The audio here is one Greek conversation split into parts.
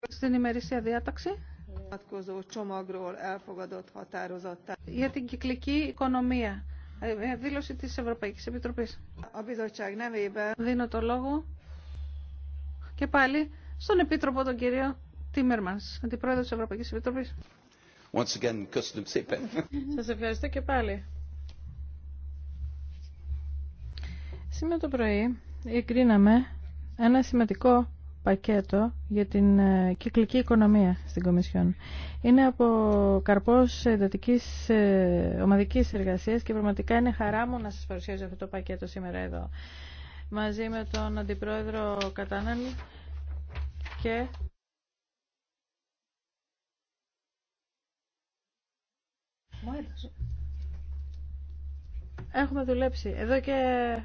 στην ημερήσια διάταξη για την κυκλική οικονομία. Ε, δήλωση της Ευρωπαϊκής Επιτροπής. Δίνω το λόγο και πάλι στον Επίτροπο τον κύριο Τίμερμανς, Αντιπρόεδρο της Ευρωπαϊκής Επιτροπής. Once Σας ευχαριστώ και πάλι. Σήμερα το πρωί εγκρίναμε ένα σημαντικό πακέτο για την ε, κυκλική οικονομία στην Κομισιόν. Είναι από καρπός εντατικής ε, ομαδικής εργασίας και πραγματικά είναι χαρά μου να σας παρουσιάζω αυτό το πακέτο σήμερα εδώ. Μαζί με τον Αντιπρόεδρο Κατάναν και Έχουμε δουλέψει εδώ και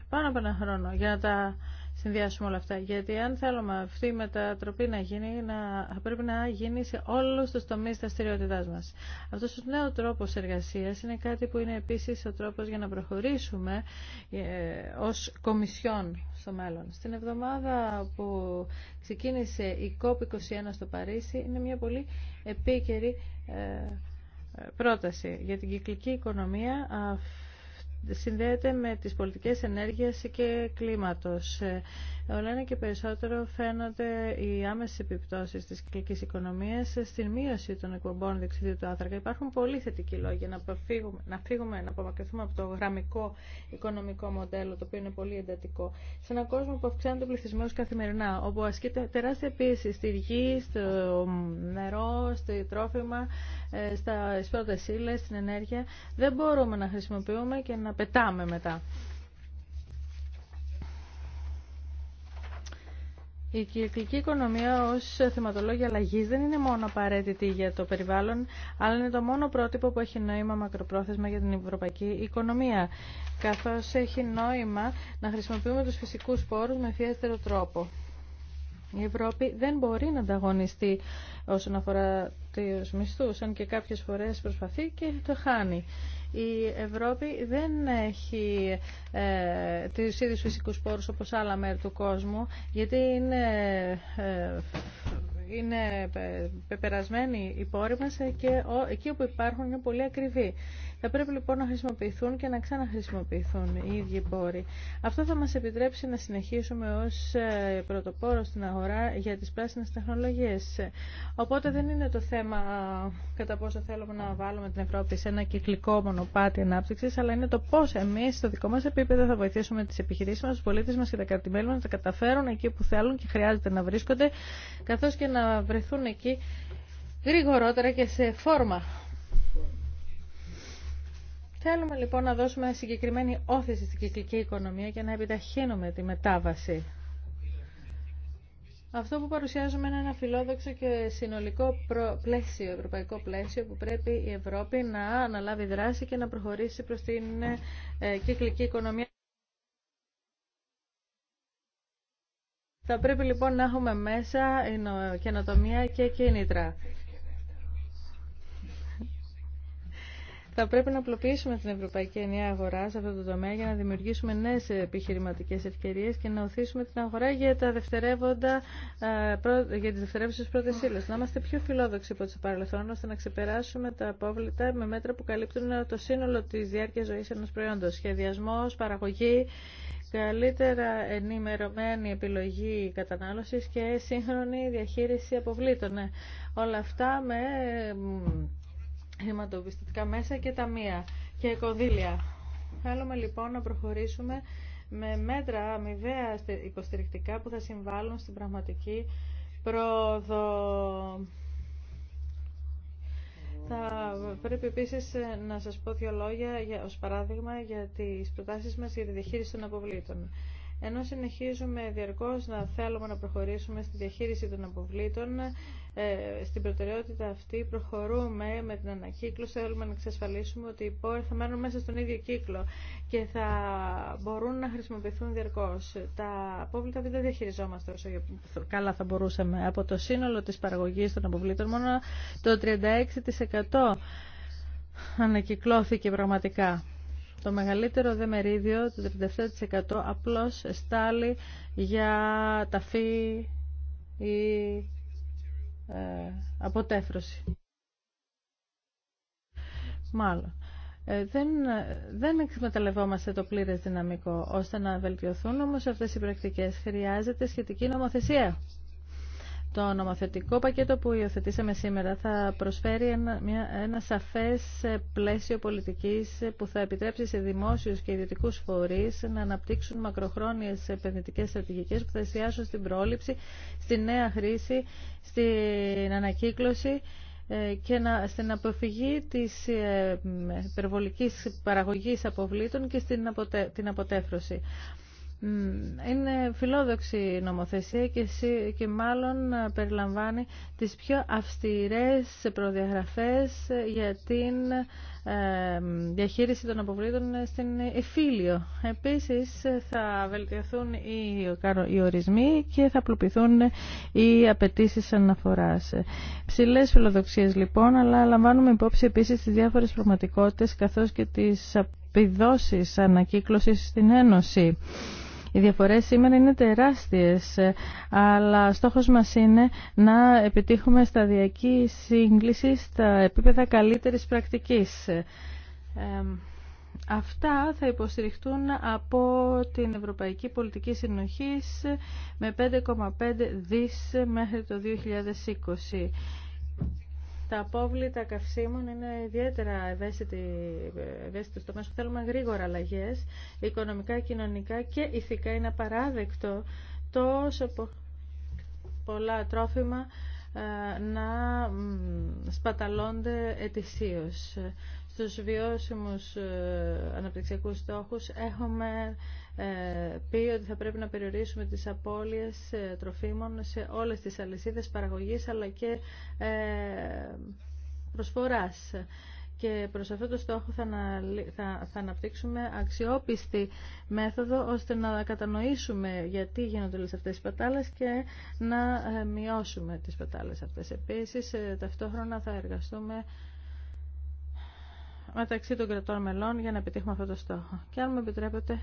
πάνω από ένα χρόνο για να τα συνδυάσουμε όλα αυτά. Γιατί αν θέλουμε αυτή η μετατροπή να γίνει, να, πρέπει να γίνει σε όλους τους τομείς δραστηριότητά μας. Αυτός ο νέο τρόπος εργασίας είναι κάτι που είναι επίσης ο τρόπος για να προχωρήσουμε ε, ως κομισιόν στο μέλλον. Στην εβδομάδα που ξεκίνησε η COP21 στο Παρίσι είναι μια πολύ επίκαιρη ε, ε, πρόταση για την κυκλική οικονομία συνδέεται με τις πολιτικές ενέργειας και κλίματος. Όλα και περισσότερο φαίνονται οι άμεσε επιπτώσει τη κυκλική οικονομία στην μείωση των εκπομπών διοξιδίου του άνθρακα. Υπάρχουν πολύ θετικοί λόγοι να, προφύγουμε, να φύγουμε, να απομακρυνθούμε από το γραμμικό οικονομικό μοντέλο, το οποίο είναι πολύ εντατικό, σε έναν κόσμο που αυξάνεται ο πληθυσμό καθημερινά, όπου ασκείται τεράστια πίεση στη γη, στο νερό, στο τρόφιμα, ε, στα πρώτε ύλε, στην ενέργεια. Δεν μπορούμε να χρησιμοποιούμε και να πετάμε μετά. Η κυκλική οικονομία ως θεματολόγια αλλαγή δεν είναι μόνο απαραίτητη για το περιβάλλον, αλλά είναι το μόνο πρότυπο που έχει νόημα μακροπρόθεσμα για την ευρωπαϊκή οικονομία, καθώς έχει νόημα να χρησιμοποιούμε τους φυσικούς πόρους με φιέστερο τρόπο. Η Ευρώπη δεν μπορεί να ανταγωνιστεί όσον αφορά τους μισθούς, αν και κάποιες φορές προσπαθεί και το χάνει η Ευρώπη δεν έχει ε, τις ίδιους φυσικούς πόρους όπως άλλα μέρη του κόσμου, γιατί είναι... Ε, είναι ε, πεπερασμένοι οι πόροι μας και εκεί όπου υπάρχουν είναι πολύ ακριβοί. Θα πρέπει λοιπόν να χρησιμοποιηθούν και να ξαναχρησιμοποιηθούν οι ίδιοι πόροι. Αυτό θα μας επιτρέψει να συνεχίσουμε ως ε, πρωτοπόρο στην αγορά για τις πράσινες τεχνολογίες. Οπότε δεν είναι το θέμα κατά πόσο θέλουμε να βάλουμε την Ευρώπη σε ένα κυκλικό μονοπάτι ανάπτυξη, αλλά είναι το πώς εμείς στο δικό μας επίπεδο θα βοηθήσουμε τις επιχειρήσεις μας, τους πολίτες μας και τα κρατημέλη μας να τα καταφέρουν εκεί που θέλουν και χρειάζεται να βρίσκονται, καθώς και να βρεθούν εκεί γρηγορότερα και σε φόρμα Θέλουμε λοιπόν να δώσουμε συγκεκριμένη όθηση στην κυκλική οικονομία και να επιταχύνουμε τη μετάβαση. Αυτό που παρουσιάζουμε είναι ένα φιλόδοξο και συνολικό πλαίσιο, ευρωπαϊκό πλαίσιο που πρέπει η Ευρώπη να αναλάβει δράση και να προχωρήσει προς την ε, κυκλική οικονομία. Θα πρέπει λοιπόν να έχουμε μέσα ε, καινοτομία και κίνητρα. Θα πρέπει να απλοποιήσουμε την Ευρωπαϊκή Ενιαία Αγορά σε αυτό το τομέα για να δημιουργήσουμε νέε επιχειρηματικέ ευκαιρίε και να οθήσουμε την αγορά για, τα δευτερεύοντα, ε, για τι δευτερεύουσε πρώτε ύλε. Να είμαστε πιο φιλόδοξοι από το παρελθόν ώστε να ξεπεράσουμε τα απόβλητα με μέτρα που καλύπτουν το σύνολο τη διάρκεια ζωή ενό προϊόντο. Σχεδιασμό, παραγωγή, καλύτερα ενημερωμένη επιλογή κατανάλωση και σύγχρονη διαχείριση αποβλήτων. Ναι, όλα αυτά με χρηματοπιστωτικά μέσα και ταμεία και κονδύλια. Θέλουμε λοιπόν να προχωρήσουμε με μέτρα αμοιβαία υποστηρικτικά που θα συμβάλλουν στην πραγματική πρόοδο. Θα πρέπει επίση ε, να σας πω δύο λόγια ω ως παράδειγμα για τις προτάσεις μα για τη διαχείριση των αποβλήτων. Ενώ συνεχίζουμε διαρκώ να θέλουμε να προχωρήσουμε στη διαχείριση των αποβλήτων, ε, στην προτεραιότητα αυτή προχωρούμε με την ανακύκλωση. Θέλουμε να εξασφαλίσουμε ότι οι πόροι θα μένουν μέσα στον ίδιο κύκλο και θα μπορούν να χρησιμοποιηθούν διαρκώ. Τα απόβλητα δεν τα διαχειριζόμαστε όσο καλά θα μπορούσαμε. Από το σύνολο τη παραγωγή των αποβλήτων, μόνο το 36% ανακυκλώθηκε πραγματικά. Το μεγαλύτερο δε μερίδιο, το 37% απλώς στάλει για ταφή ή ε, αποτέφρωση. Μάλλον. Ε, δεν, δεν εκμεταλλευόμαστε το πλήρες δυναμικό ώστε να βελτιωθούν όμως αυτές οι πρακτικές. Χρειάζεται σχετική νομοθεσία. Το νομοθετικό πακέτο που υιοθετήσαμε σήμερα θα προσφέρει ένα, μια, ένα σαφές πλαίσιο πολιτικής που θα επιτρέψει σε δημόσιους και ιδιωτικούς φορείς να αναπτύξουν μακροχρόνιες επενδυτικές στρατηγικές που θα εστιάσουν στην πρόληψη, στη νέα χρήση, στην ανακύκλωση ε, και στην αποφυγή της ε, υπερβολικής παραγωγής αποβλήτων και στην την αποτέφρωση είναι φιλόδοξη νομοθεσία και, και μάλλον ε, περιλαμβάνει τις πιο αυστηρές προδιαγραφές ε, για την ε, διαχείριση των αποβλήτων στην εφήλιο. Επίσης θα βελτιωθούν οι, ορισμοί και θα πλουπηθούν οι απαιτήσει αναφοράς. Ψηλές φιλοδοξίες λοιπόν, αλλά λαμβάνουμε υπόψη επίσης τις διάφορες πραγματικότητες καθώς και τις επιδόσεις ανακύκλωσης στην Ένωση. Οι διαφορές σήμερα είναι τεράστιες, ε, αλλά στόχος μας είναι να επιτύχουμε σταδιακή σύγκληση στα επίπεδα καλύτερης πρακτικής. Ε, αυτά θα υποστηριχτούν από την Ευρωπαϊκή Πολιτική Συνοχής με 5,5 δις μέχρι το 2020 τα απόβλητα καυσίμων είναι ιδιαίτερα ευαίσθητοι στο μέσο. θέλουμε γρήγορα αλλαγέ, οικονομικά, κοινωνικά και ηθικά. Είναι απαράδεκτο τόσο πολλά τρόφιμα ε, να σπαταλώνται ετησίως. Στους βιώσιμους ε, αναπτυξιακούς στόχους έχουμε ε, πει ότι θα πρέπει να περιορίσουμε τις απώλειες τροφίμων σε όλες τις αλυσίδες παραγωγής αλλά και προσφοράς και προς αυτό το στόχο θα, θα, αναπτύξουμε αξιόπιστη μέθοδο ώστε να κατανοήσουμε γιατί γίνονται όλες αυτές οι πατάλες και να ε, μειώσουμε τις πατάλες αυτές. Επίσης, ε, ταυτόχρονα θα εργαστούμε μεταξύ των κρατών μελών για να επιτύχουμε αυτό το στόχο. Και αν μου επιτρέπετε,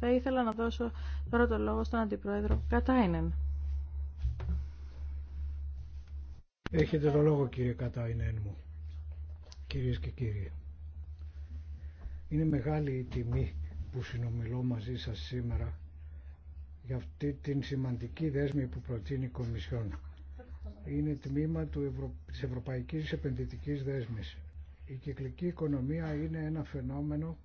θα ήθελα να δώσω τώρα το λόγο στον Αντιπρόεδρο Κατάινεν. Έχετε το λόγο κύριε Κατάινεν μου κυρίες και κύριοι. Είναι μεγάλη η τιμή που συνομιλώ μαζί σας σήμερα για αυτή την σημαντική δέσμη που προτείνει η Κομισιόν. Είναι τμήμα του Ευρω... της Ευρωπαϊκής Επενδυτικής Δέσμης. Η κυκλική οικονομία είναι ένα φαινόμενο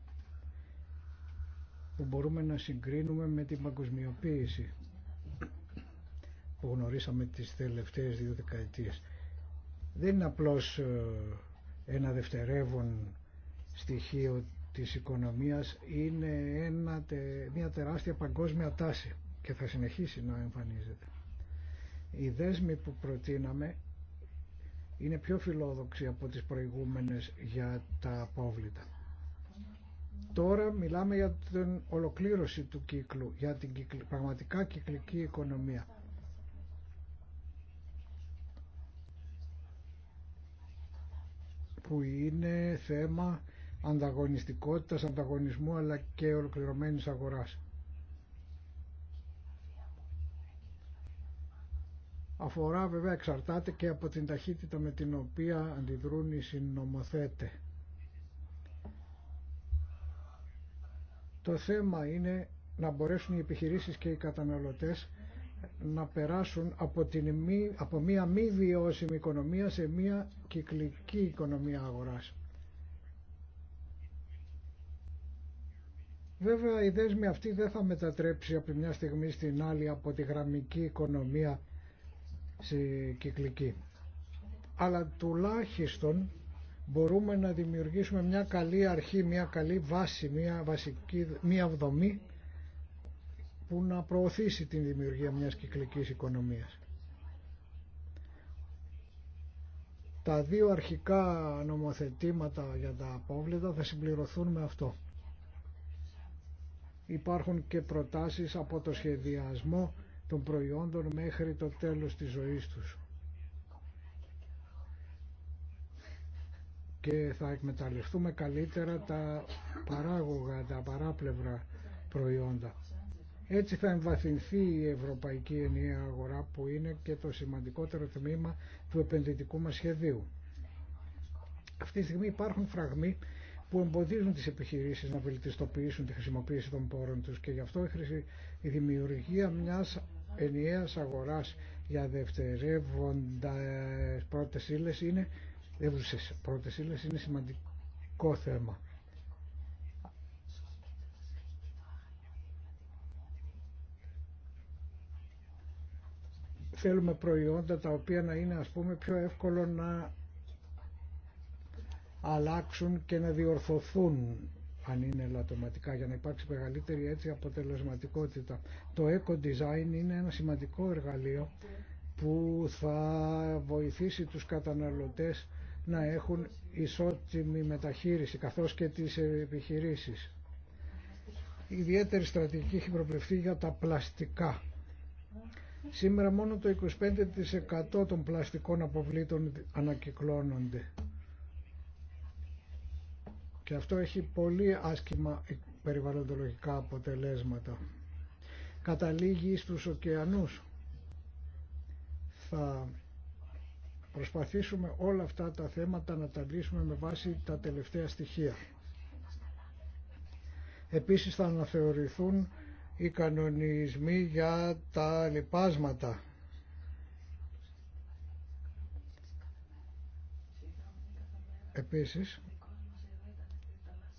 που μπορούμε να συγκρίνουμε με την παγκοσμιοποίηση που γνωρίσαμε τις τελευταίες δύο δεκαετίες. Δεν είναι απλώς ε, ένα δευτερεύον στοιχείο της οικονομίας είναι ένα, μια τεράστια παγκόσμια τάση και θα συνεχίσει να εμφανίζεται. Οι δέσμοι που προτείναμε είναι πιο φιλόδοξοι από τις προηγούμενες για τα απόβλητα. Τώρα μιλάμε για την ολοκλήρωση του κύκλου, για την πραγματικά κυκλική οικονομία. που είναι θέμα ανταγωνιστικότητας, ανταγωνισμού αλλά και ολοκληρωμένης αγοράς. Αφορά βέβαια εξαρτάται και από την ταχύτητα με την οποία αντιδρούν οι συνομοθέτε. Το θέμα είναι να μπορέσουν οι επιχειρήσεις και οι καταναλωτές να περάσουν από, από μια μη βιώσιμη οικονομία σε μια κυκλική οικονομία αγοράς. Βέβαια η δέσμη αυτή δεν θα μετατρέψει από μια στιγμή στην άλλη από τη γραμμική οικονομία σε κυκλική. Αλλά τουλάχιστον μπορούμε να δημιουργήσουμε μια καλή αρχή, μια καλή βάση, μια βασική, μια δομή που να προωθήσει την δημιουργία μιας κυκλικής οικονομίας. Τα δύο αρχικά νομοθετήματα για τα απόβλητα θα συμπληρωθούν με αυτό. Υπάρχουν και προτάσεις από το σχεδιασμό των προϊόντων μέχρι το τέλος της ζωής τους. Και θα εκμεταλλευτούμε καλύτερα τα παράγωγα, τα παράπλευρα προϊόντα. Έτσι θα εμβαθυνθεί η Ευρωπαϊκή Ενιαία Αγορά που είναι και το σημαντικότερο τμήμα του επενδυτικού μας σχεδίου. Αυτή τη στιγμή υπάρχουν φραγμοί που εμποδίζουν τις επιχειρήσεις να βελτιστοποιήσουν τη χρησιμοποίηση των πόρων τους και γι' αυτό η δημιουργία μιας ενιαίας αγοράς για δευτερεύοντα ε, πρώτες ύλες είναι, είναι σημαντικό θέμα. θέλουμε προϊόντα τα οποία να είναι ας πούμε πιο εύκολο να αλλάξουν και να διορθωθούν αν είναι ελαττωματικά για να υπάρξει μεγαλύτερη έτσι αποτελεσματικότητα. Το eco-design είναι ένα σημαντικό εργαλείο που θα βοηθήσει τους καταναλωτές να έχουν ισότιμη μεταχείριση καθώς και τις επιχειρήσεις. Η ιδιαίτερη στρατηγική έχει προβλεφθεί για τα πλαστικά Σήμερα μόνο το 25% των πλαστικών αποβλήτων ανακυκλώνονται. Και αυτό έχει πολύ άσχημα περιβαλλοντολογικά αποτελέσματα. Καταλήγει στους ωκεανούς. Θα προσπαθήσουμε όλα αυτά τα θέματα να τα λύσουμε με βάση τα τελευταία στοιχεία. Επίσης θα αναθεωρηθούν οι κανονισμοί για τα λοιπάσματα. Επίσης,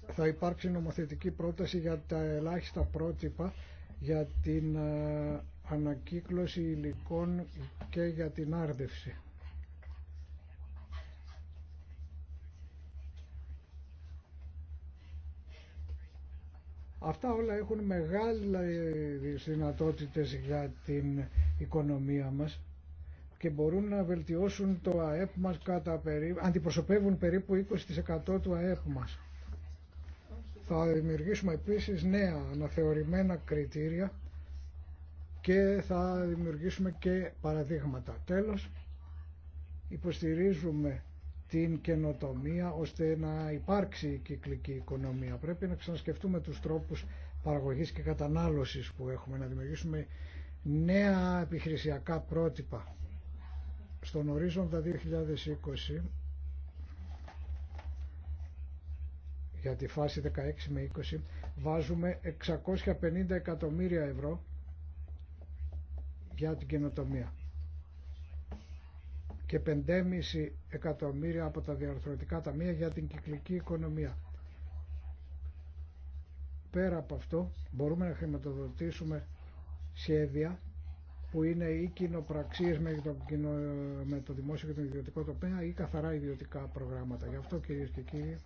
θα υπάρξει νομοθετική πρόταση για τα ελάχιστα πρότυπα για την ε, ανακύκλωση υλικών και για την άρδευση. Αυτά όλα έχουν μεγάλες δυνατότητες για την οικονομία μας και μπορούν να βελτιώσουν το ΑΕΠ μας κατά περίπου, αντιπροσωπεύουν περίπου 20% του ΑΕΠ μας. Θα δημιουργήσουμε επίσης νέα αναθεωρημένα κριτήρια και θα δημιουργήσουμε και παραδείγματα. Τέλος, υποστηρίζουμε την καινοτομία ώστε να υπάρξει η κυκλική οικονομία. Πρέπει να ξανασκεφτούμε τους τρόπους παραγωγής και κατανάλωσης που έχουμε, να δημιουργήσουμε νέα επιχειρησιακά πρότυπα. Στον ορίζοντα 2020 για τη φάση 16 με 20 βάζουμε 650 εκατομμύρια ευρώ για την καινοτομία και 5,5 εκατομμύρια από τα διαρθρωτικά ταμεία για την κυκλική οικονομία. Πέρα από αυτό μπορούμε να χρηματοδοτήσουμε σχέδια που είναι ή κοινοπραξίε με, με το δημόσιο και τον ιδιωτικό τομέα ή καθαρά ιδιωτικά προγράμματα. Γι' αυτό κυρίε και κύριοι,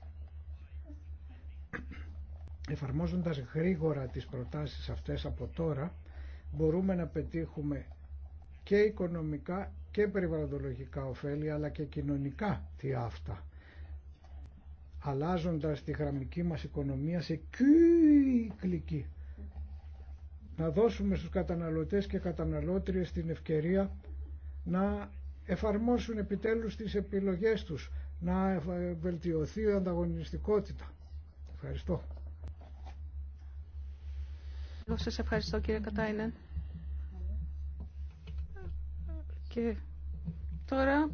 εφαρμόζοντας γρήγορα τις προτάσεις αυτές από τώρα, μπορούμε να πετύχουμε και οικονομικά και περιβαλλοντολογικά ωφέλη αλλά και κοινωνικά τι αυτά. Αλλάζοντας τη γραμμική μας οικονομία σε κύκλικη. Να δώσουμε στους καταναλωτές και καταναλώτριες την ευκαιρία να εφαρμόσουν επιτέλους τις επιλογές τους, να βελτιωθεί η ανταγωνιστικότητα. Ευχαριστώ. Εγώ σας ευχαριστώ κύριε Κατάινεν. Και τώρα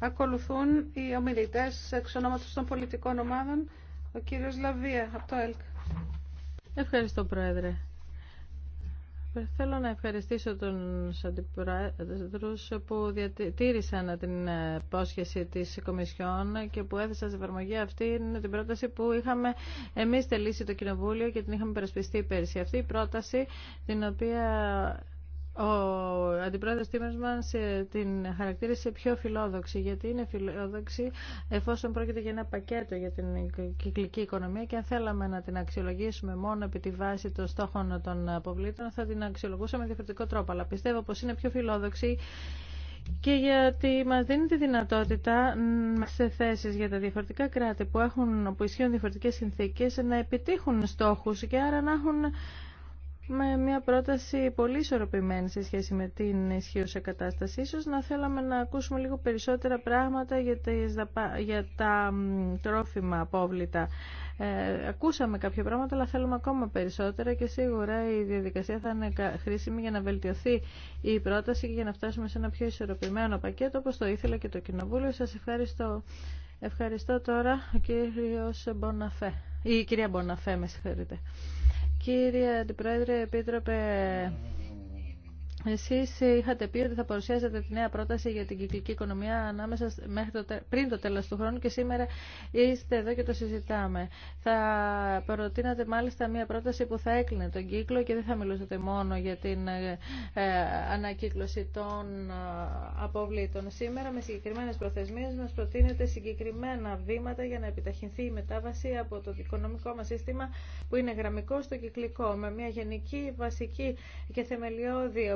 ακολουθούν οι ομιλητές εξ ονόματος των πολιτικών ομάδων, ο κύριος Λαβία από το ΕΛΚ. Ευχαριστώ, Πρόεδρε. Θέλω να ευχαριστήσω τον αντιπροεδρού που διατήρησαν την υπόσχεση της Κομισιόν και που έθεσαν σε εφαρμογή αυτή την πρόταση που είχαμε εμείς τελήσει το Κοινοβούλιο και την είχαμε περασπιστεί πέρσι. Αυτή η πρόταση την οποία ο αντιπρόεδρος σε την χαρακτήρισε πιο φιλόδοξη, γιατί είναι φιλόδοξη εφόσον πρόκειται για ένα πακέτο για την κυκλική οικονομία και αν θέλαμε να την αξιολογήσουμε μόνο επί τη βάση των στόχων των αποβλήτων θα την αξιολογούσαμε διαφορετικό τρόπο. Αλλά πιστεύω πως είναι πιο φιλόδοξη και γιατί μας δίνει τη δυνατότητα σε θέσεις για τα διαφορετικά κράτη που, έχουν, που ισχύουν διαφορετικές συνθήκες να επιτύχουν στόχους και άρα να έχουν με μια πρόταση πολύ ισορροπημένη σε σχέση με την ισχύουσα κατάσταση. Ίσως να θέλαμε να ακούσουμε λίγο περισσότερα πράγματα για τα, για τα τρόφιμα απόβλητα. Ε, ακούσαμε κάποια πράγματα, αλλά θέλουμε ακόμα περισσότερα και σίγουρα η διαδικασία θα είναι χρήσιμη για να βελτιωθεί η πρόταση και για να φτάσουμε σε ένα πιο ισορροπημένο πακέτο, όπως το ήθελα και το Κοινοβούλιο. Σας ευχαριστώ. Ευχαριστώ τώρα ο κύριος Μποναφέ. Η κυρία Μποναφέ, με συγχωρείτε. Κύριε Αντιπρόεδρε, Επίτροπε Εσεί είχατε πει ότι θα παρουσιάσετε τη νέα πρόταση για την κυκλική οικονομία ανάμεσα μέχρι το, πριν το τέλο του χρόνου και σήμερα είστε εδώ και το συζητάμε. Θα προτείνατε μάλιστα μια πρόταση που θα έκλεινε τον κύκλο και δεν θα μιλούσατε μόνο για την ε, ε, ανακύκλωση των ε, αποβλήτων. Σήμερα με συγκεκριμένε προθεσμίε μα προτείνετε συγκεκριμένα βήματα για να επιταχυνθεί η μετάβαση από το οικονομικό μα σύστημα που είναι γραμμικό στο κυκλικό με μια γενική, βασική και θεμελιώδη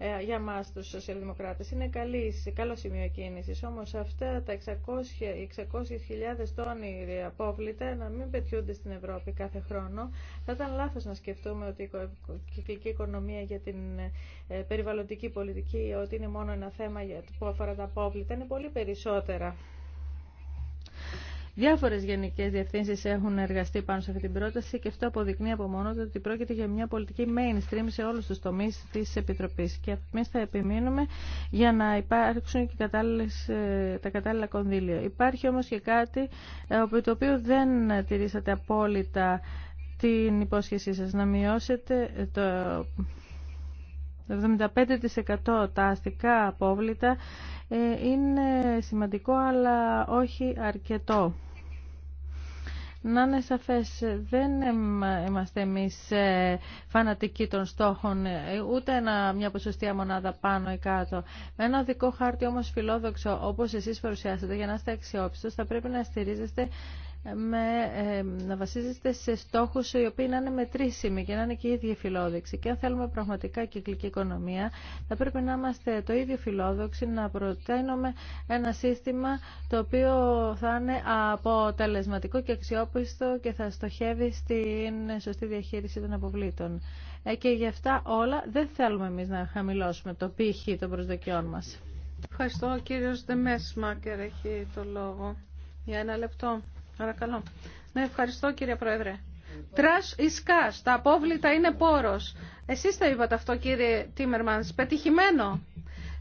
ε, για εμά τους σοσιαλδημοκράτες. Είναι καλή, καλό σημείο κίνηση. Όμω αυτά τα 600.000 600 τόνοι απόβλητα να μην πετιούνται στην Ευρώπη κάθε χρόνο. Θα ήταν λάθο να σκεφτούμε ότι η κυκλική οικονομία για την ε, περιβαλλοντική πολιτική ότι είναι μόνο ένα θέμα που αφορά τα απόβλητα. Είναι πολύ περισσότερα. Διάφορε γενικέ διευθύνσει έχουν εργαστεί πάνω σε αυτή την πρόταση και αυτό αποδεικνύει από μόνο του ότι πρόκειται για μια πολιτική mainstream σε όλου του τομεί τη Επιτροπή. Και εμεί θα επιμείνουμε για να υπάρξουν και ε, τα κατάλληλα κονδύλια. Υπάρχει όμω και κάτι ε, το οποίο δεν τηρήσατε απόλυτα την υπόσχεσή σας να μειώσετε το 75% τα αστικά απόβλητα ε, είναι σημαντικό αλλά όχι αρκετό να είναι σαφές. Δεν είμαστε εμείς ε, φανατικοί των στόχων, ε, ούτε ένα, μια ποσοστία μονάδα πάνω ή κάτω. Με ένα δικό χάρτη όμως φιλόδοξο, όπως εσείς παρουσιάσατε, για να είστε αξιόπιστος, θα πρέπει να στηρίζεστε με, ε, να βασίζεστε σε στόχου, οι οποίοι να είναι μετρήσιμοι και να είναι και οι ίδιοι φιλόδοξοι. Και αν θέλουμε πραγματικά κυκλική οικονομία, θα πρέπει να είμαστε το ίδιο φιλόδοξοι, να προτείνουμε ένα σύστημα το οποίο θα είναι αποτελεσματικό και αξιόπιστο και θα στοχεύει στην σωστή διαχείριση των αποβλήτων. Ε, και γι' αυτά όλα δεν θέλουμε εμεί να χαμηλώσουμε το πύχη των προσδοκιών μα. Ευχαριστώ. Ο κύριο Δεμέσμακερ έχει το λόγο. Για ένα λεπτό. Παρακαλώ. Ναι, ευχαριστώ κύριε Πρόεδρε. Τρας ή τα απόβλητα είναι πόρος. Εσείς τα είπατε αυτό κύριε Τίμερμανς, πετυχημένο.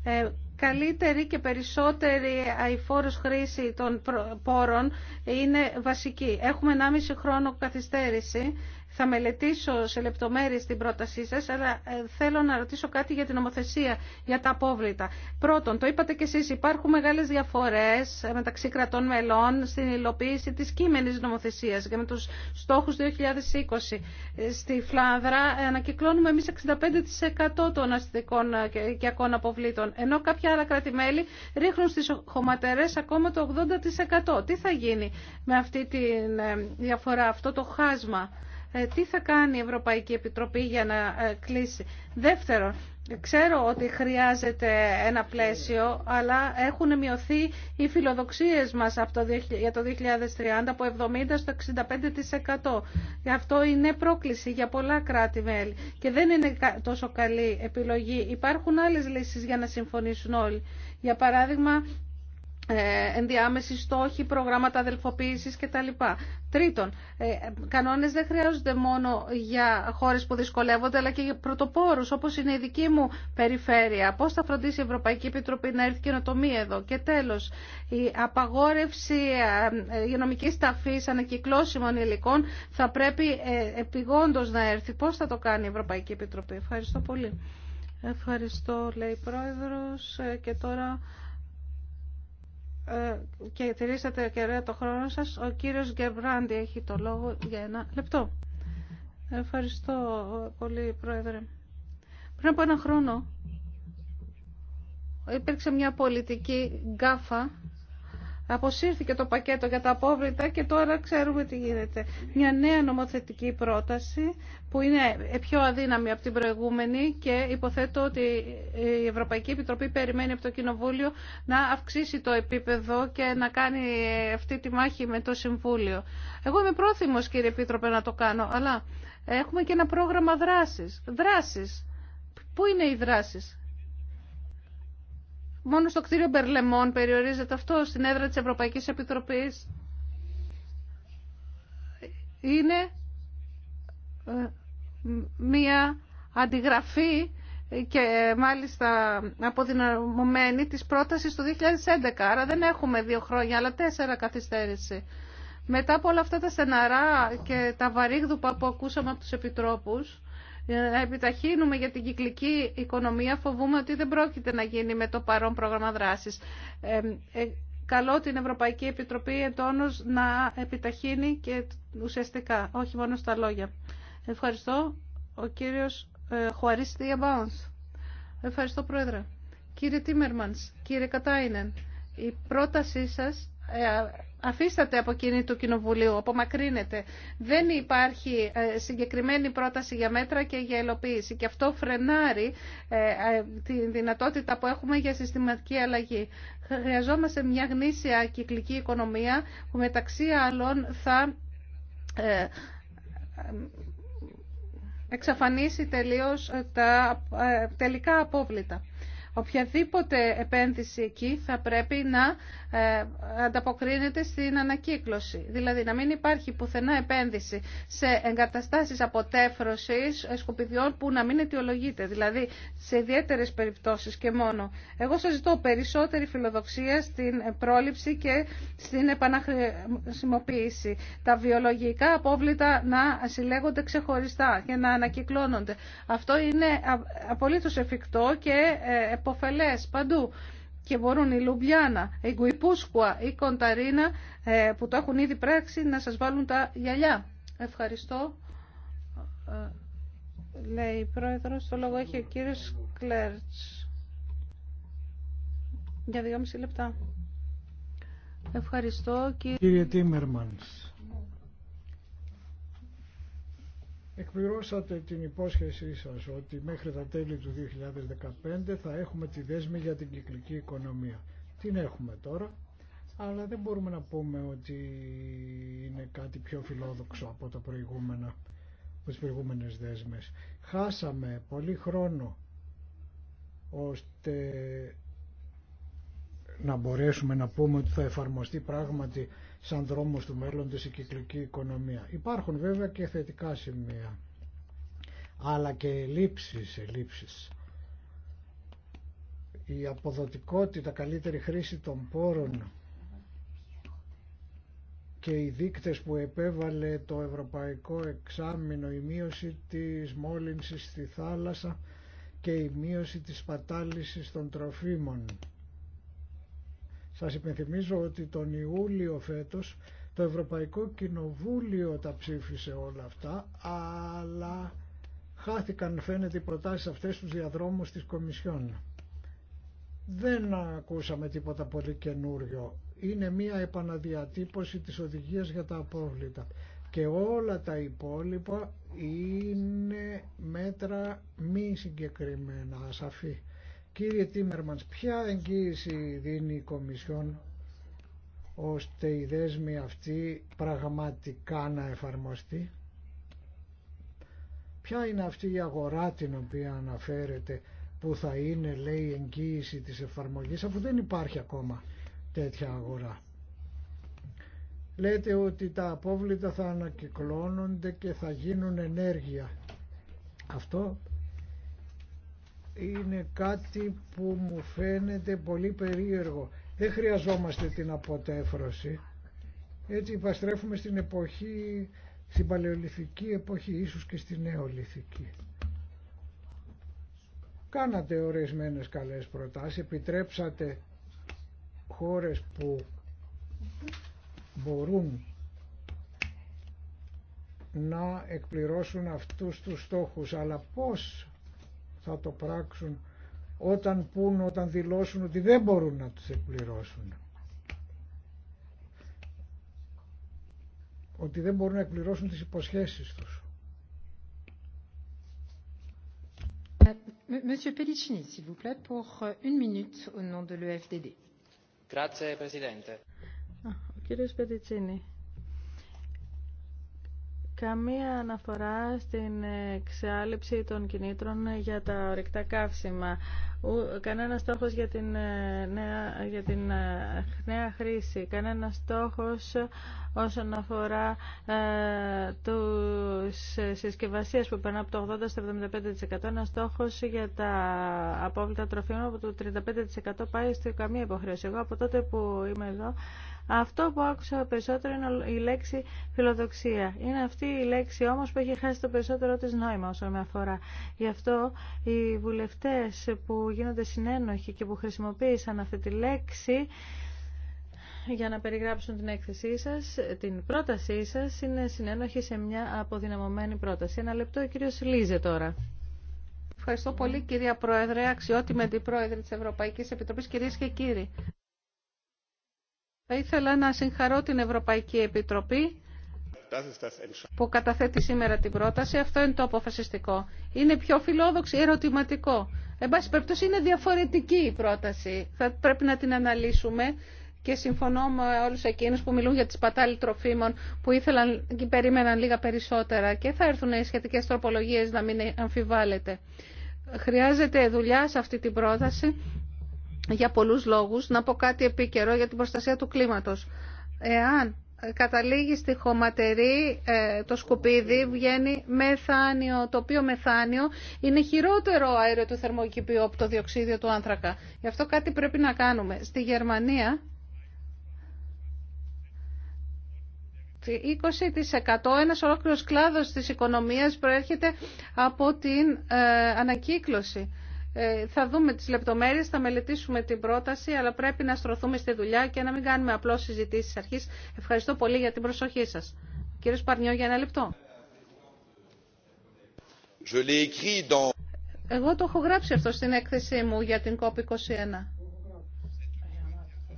Ε, καλύτερη και περισσότερη αηφόρος χρήση των πόρων είναι βασική. Έχουμε 1,5 χρόνο καθυστέρηση θα μελετήσω σε λεπτομέρειες την πρότασή σας, αλλά ε, θέλω να ρωτήσω κάτι για την νομοθεσία, για τα απόβλητα. Πρώτον, το είπατε κι εσείς, υπάρχουν μεγάλες διαφορές μεταξύ κρατών μελών στην υλοποίηση της κείμενης νομοθεσίας και με τους στόχους 2020. Στη Φλάνδρα ανακυκλώνουμε εμείς 65% των αστικών και οικιακών αποβλήτων, ενώ κάποια άλλα κράτη-μέλη ρίχνουν στις χωματερές ακόμα το 80%. Τι θα γίνει με αυτή τη ε, διαφορά, αυτό το χάσμα ε, τι θα κάνει η Ευρωπαϊκή Επιτροπή για να ε, κλείσει. Δεύτερον, ξέρω ότι χρειάζεται ένα πλαίσιο, αλλά έχουν μειωθεί οι φιλοδοξίες μας από το, για το 2030 από 70% στο 65%. Αυτό είναι πρόκληση για πολλά κράτη-μέλη και δεν είναι τόσο καλή επιλογή. Υπάρχουν άλλες λύσεις για να συμφωνήσουν όλοι. Για παράδειγμα, ε, ενδιάμεση στόχη, προγράμματα αδελφοποίησης κτλ. Τρίτον, ε, κανόνες δεν χρειάζονται μόνο για χώρες που δυσκολεύονται, αλλά και για πρωτοπόρους, όπως είναι η δική μου περιφέρεια. Πώς θα φροντίσει η Ευρωπαϊκή Επιτροπή να έρθει καινοτομία εδώ. Και τέλος, η απαγόρευση υγειονομικής ε, ταφής ανακυκλώσιμων υλικών θα πρέπει επιγόντως να έρθει. Πώς θα το κάνει η Ευρωπαϊκή Επιτροπή. Ευχαριστώ πολύ. τώρα... Ε, και τηρήσατε και το χρόνο σας. Ο κύριος Γκεμπράντι έχει το λόγο για ένα λεπτό. Ευχαριστώ πολύ, Πρόεδρε. Πριν από ένα χρόνο υπήρξε μια πολιτική γκάφα Αποσύρθηκε το πακέτο για τα απόβλητα και τώρα ξέρουμε τι γίνεται. Μια νέα νομοθετική πρόταση που είναι πιο αδύναμη από την προηγούμενη και υποθέτω ότι η Ευρωπαϊκή Επιτροπή περιμένει από το Κοινοβούλιο να αυξήσει το επίπεδο και να κάνει αυτή τη μάχη με το Συμβούλιο. Εγώ είμαι πρόθυμος κύριε Επίτροπε να το κάνω, αλλά έχουμε και ένα πρόγραμμα δράσης. Δράσεις. Πού είναι οι δράσεις. Μόνο στο κτίριο Μπερλεμόν περιορίζεται αυτό στην έδρα της Ευρωπαϊκής Επιτροπής. Είναι ε, μία αντιγραφή και μάλιστα αποδυναμωμένη της πρότασης του 2011. Άρα δεν έχουμε δύο χρόνια, αλλά τέσσερα καθυστέρηση. Μετά από όλα αυτά τα στεναρά και τα βαρύγδουπα που ακούσαμε από τους επιτρόπους, να ε, επιταχύνουμε για την κυκλική οικονομία φοβούμε ότι δεν πρόκειται να γίνει με το παρόν πρόγραμμα δράσης. Ε, ε την Ευρωπαϊκή Επιτροπή εντόνω να επιταχύνει και ουσιαστικά, όχι μόνο στα λόγια. Ευχαριστώ. Ο κύριος ε, Χουαρίς Διαμπάουνς. Ευχαριστώ, Πρόεδρε. Κύριε Τίμερμανς, κύριε Κατάινεν, η πρότασή σας ε, αφίσταται από εκείνη του Κοινοβουλίου, απομακρύνεται. Δεν υπάρχει ε, συγκεκριμένη πρόταση για μέτρα και για ελοποίηση και αυτό φρενάρει ε, τη δυνατότητα που έχουμε για συστηματική αλλαγή. Χρειαζόμαστε μια γνήσια κυκλική οικονομία που μεταξύ άλλων θα εξαφανίσει τελείως τα τελικά απόβλητα. Οποιαδήποτε επένδυση εκεί θα πρέπει να ε, ανταποκρίνεται στην ανακύκλωση. Δηλαδή να μην υπάρχει πουθενά επένδυση σε εγκαταστάσεις αποτέφρωσης ε, σκουπιδιών που να μην αιτιολογείται. Δηλαδή σε ιδιαίτερες περιπτώσεις και μόνο. Εγώ σας ζητώ περισσότερη φιλοδοξία στην πρόληψη και στην επαναχρησιμοποίηση. Τα βιολογικά απόβλητα να συλλέγονται ξεχωριστά και να ανακυκλώνονται. Αυτό είναι απολύτως εφικτό και ε, υποφελές παντού. Και μπορούν η Λουμπιάνα, η Γκουιπούσκουα, η Κονταρίνα ε, που το έχουν ήδη πράξει να σας βάλουν τα γυαλιά. Ευχαριστώ. Ε, λέει η Πρόεδρος, το λόγο έχει ο κύριος Κλέρτς. Για δυόμιση λεπτά. Ευχαριστώ κύριε, κύριε Τίμερμανς. Εκπληρώσατε την υπόσχεσή σας ότι μέχρι τα τέλη του 2015 θα έχουμε τη δέσμη για την κυκλική οικονομία. Την έχουμε τώρα, αλλά δεν μπορούμε να πούμε ότι είναι κάτι πιο φιλόδοξο από τα προηγούμενα, από τις προηγούμενες δέσμες. Χάσαμε πολύ χρόνο ώστε να μπορέσουμε να πούμε ότι θα εφαρμοστεί πράγματι σαν δρόμος του μέλλοντος η κυκλική οικονομία. Υπάρχουν βέβαια και θετικά σημεία, αλλά και ελλείψεις, ελλείψεις. Η αποδοτικότητα, καλύτερη χρήση των πόρων και οι δείκτες που επέβαλε το Ευρωπαϊκό Εξάμεινο, η μείωση της μόλυνσης στη θάλασσα και η μείωση της πατάλησης των τροφίμων σας υπενθυμίζω ότι τον Ιούλιο φέτος το Ευρωπαϊκό Κοινοβούλιο τα ψήφισε όλα αυτά, αλλά χάθηκαν φαίνεται οι προτάσεις αυτές στους διαδρόμους της Κομισιόν. Δεν ακούσαμε τίποτα πολύ καινούριο. Είναι μία επαναδιατύπωση της οδηγίας για τα απόβλητα. Και όλα τα υπόλοιπα είναι μέτρα μη συγκεκριμένα, ασαφή. Κύριε Τίμερμανς, ποια εγγύηση δίνει η Κομισιόν ώστε η δέσμη αυτή πραγματικά να εφαρμοστεί. Ποια είναι αυτή η αγορά την οποία αναφέρεται που θα είναι λέει εγγύηση της εφαρμογής αφού δεν υπάρχει ακόμα τέτοια αγορά. Λέτε ότι τα απόβλητα θα ανακυκλώνονται και θα γίνουν ενέργεια. Αυτό είναι κάτι που μου φαίνεται πολύ περίεργο. Δεν χρειαζόμαστε την αποτέφρωση. Έτσι υπαστρέφουμε στην εποχή, στην παλαιολιθική εποχή, ίσως και στην νεολιθική. Κάνατε ορισμένες καλές προτάσεις, επιτρέψατε χώρες που μπορούν να εκπληρώσουν αυτούς τους στόχους, αλλά πώς θα το πράξουν όταν πούν, όταν δηλώσουν ότι δεν μπορούν να τους εκπληρώσουν. Ότι δεν μπορούν να εκπληρώσουν τις υποσχέσεις τους. Ε, Monsieur Pellicini, s'il vous plaît, pour euh, une minute au nom de l'EFDD. Grazie, Presidente. Ah, κύριος Πελιτσίνη, Καμία αναφορά στην εξάλληψη των κινήτρων για τα ορυκτά καύσιμα. Κανένα στόχος για την ε, νέα, για την ε, νέα χρήση. Κανένα στόχος όσον αφορά ε, τους ε, συσκευασίες που περνά από το 80% στο 75%. Ένα στόχος για τα απόβλητα τροφίμα από το 35% πάει στη καμία υποχρέωση. Εγώ από τότε που είμαι εδώ αυτό που άκουσα περισσότερο είναι η λέξη φιλοδοξία. Είναι αυτή η λέξη όμως που έχει χάσει το περισσότερο της νόημα όσον με αφορά. Γι' αυτό οι βουλευτές που γίνονται συνένοχοι και που χρησιμοποίησαν αυτή τη λέξη για να περιγράψουν την έκθεσή σας, την πρότασή σας, είναι συνένοχοι σε μια αποδυναμωμένη πρόταση. Ένα λεπτό, ο κύριος Λίζε τώρα. Ευχαριστώ πολύ κυρία Πρόεδρε, αξιότιμη αντιπρόεδρε της Ευρωπαϊκής Επιτροπής, κυρίες και κύριοι. Θα ήθελα να συγχαρώ την Ευρωπαϊκή Επιτροπή που καταθέτει σήμερα την πρόταση. Αυτό είναι το αποφασιστικό. Είναι πιο φιλόδοξη, ερωτηματικό. Εν πάση περιπτώσει είναι διαφορετική η πρόταση. Θα πρέπει να την αναλύσουμε και συμφωνώ με όλους εκείνους που μιλούν για τις πατάλη τροφίμων που ήθελαν και περίμεναν λίγα περισσότερα και θα έρθουν οι σχετικές τροπολογίες να μην αμφιβάλλεται. Χρειάζεται δουλειά σε αυτή την πρόταση για πολλούς λόγους. Να πω κάτι επίκαιρο για την προστασία του κλίματος. Εάν καταλήγει στη χωματερή ε, το σκουπίδι, βγαίνει μεθάνιο, το οποίο μεθάνιο είναι χειρότερο αέριο του θερμοκηπίου από το διοξίδιο του άνθρακα. Γι' αυτό κάτι πρέπει να κάνουμε. Στη Γερμανία 20% ένας ολόκληρος κλάδος της οικονομίας προέρχεται από την ε, ανακύκλωση. Ε, θα δούμε τις λεπτομέρειες, θα μελετήσουμε την πρόταση, αλλά πρέπει να στρωθούμε στη δουλειά και να μην κάνουμε απλώς συζητήσεις αρχής. Ευχαριστώ πολύ για την προσοχή σας. Κύριε Παρνιό, για ένα λεπτό. Εγώ το έχω γράψει αυτό στην έκθεσή μου για την COP21.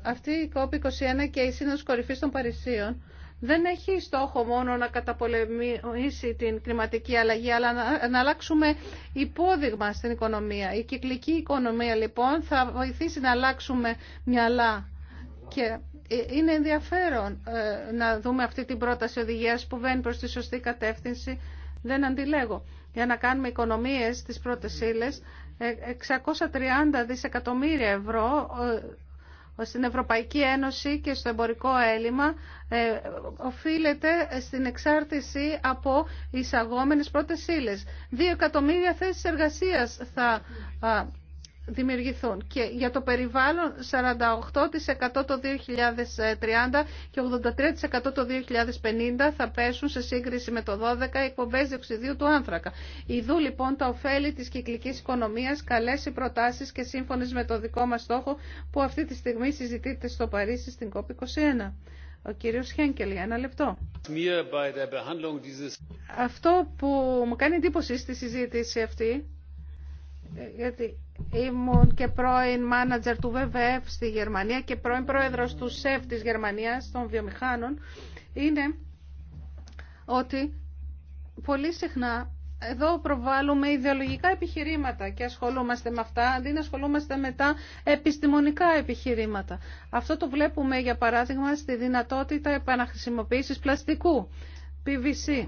Αυτή η COP21 και η Σύνοδος Κορυφής των Παρισίων δεν έχει στόχο μόνο να καταπολεμήσει την κλιματική αλλαγή, αλλά να αλλάξουμε υπόδειγμα στην οικονομία. Η κυκλική οικονομία λοιπόν θα βοηθήσει να αλλάξουμε μυαλά και ε, είναι ενδιαφέρον ε, να δούμε αυτή την πρόταση οδηγίας που βαίνει προς τη σωστή κατεύθυνση. Δεν αντιλέγω. Για να κάνουμε οικονομίες στις πρώτες ύλες, 630 ε, δισεκατομμύρια ευρώ στην Ευρωπαϊκή Ένωση και στο εμπορικό έλλειμμα ε, οφείλεται στην εξάρτηση από εισαγόμενες πρώτες ύλες. Δύο εκατομμύρια θέσεις εργασίας θα δημιουργηθούν. Και για το περιβάλλον 48% το 2030 και 83% το 2050 θα πέσουν σε σύγκριση με το 12 εκπομπές διοξιδίου του άνθρακα. Ιδού λοιπόν τα ωφέλη της κυκλικής οικονομίας, καλές οι προτάσεις και σύμφωνες με το δικό μας στόχο που αυτή τη στιγμή συζητείται στο Παρίσι στην COP21. Ο κύριος Χένκελ, για ένα λεπτό. Αυτό που μου κάνει εντύπωση στη συζήτηση αυτή γιατί ήμουν και πρώην μάνατζερ του ΒΒΕΦ στη Γερμανία και πρώην πρόεδρος του ΣΕΦ της Γερμανίας των βιομηχάνων, είναι ότι πολύ συχνά εδώ προβάλλουμε ιδεολογικά επιχειρήματα και ασχολούμαστε με αυτά, αντί να ασχολούμαστε με τα επιστημονικά επιχειρήματα. Αυτό το βλέπουμε, για παράδειγμα, στη δυνατότητα επαναχρησιμοποίησης πλαστικού, PVC,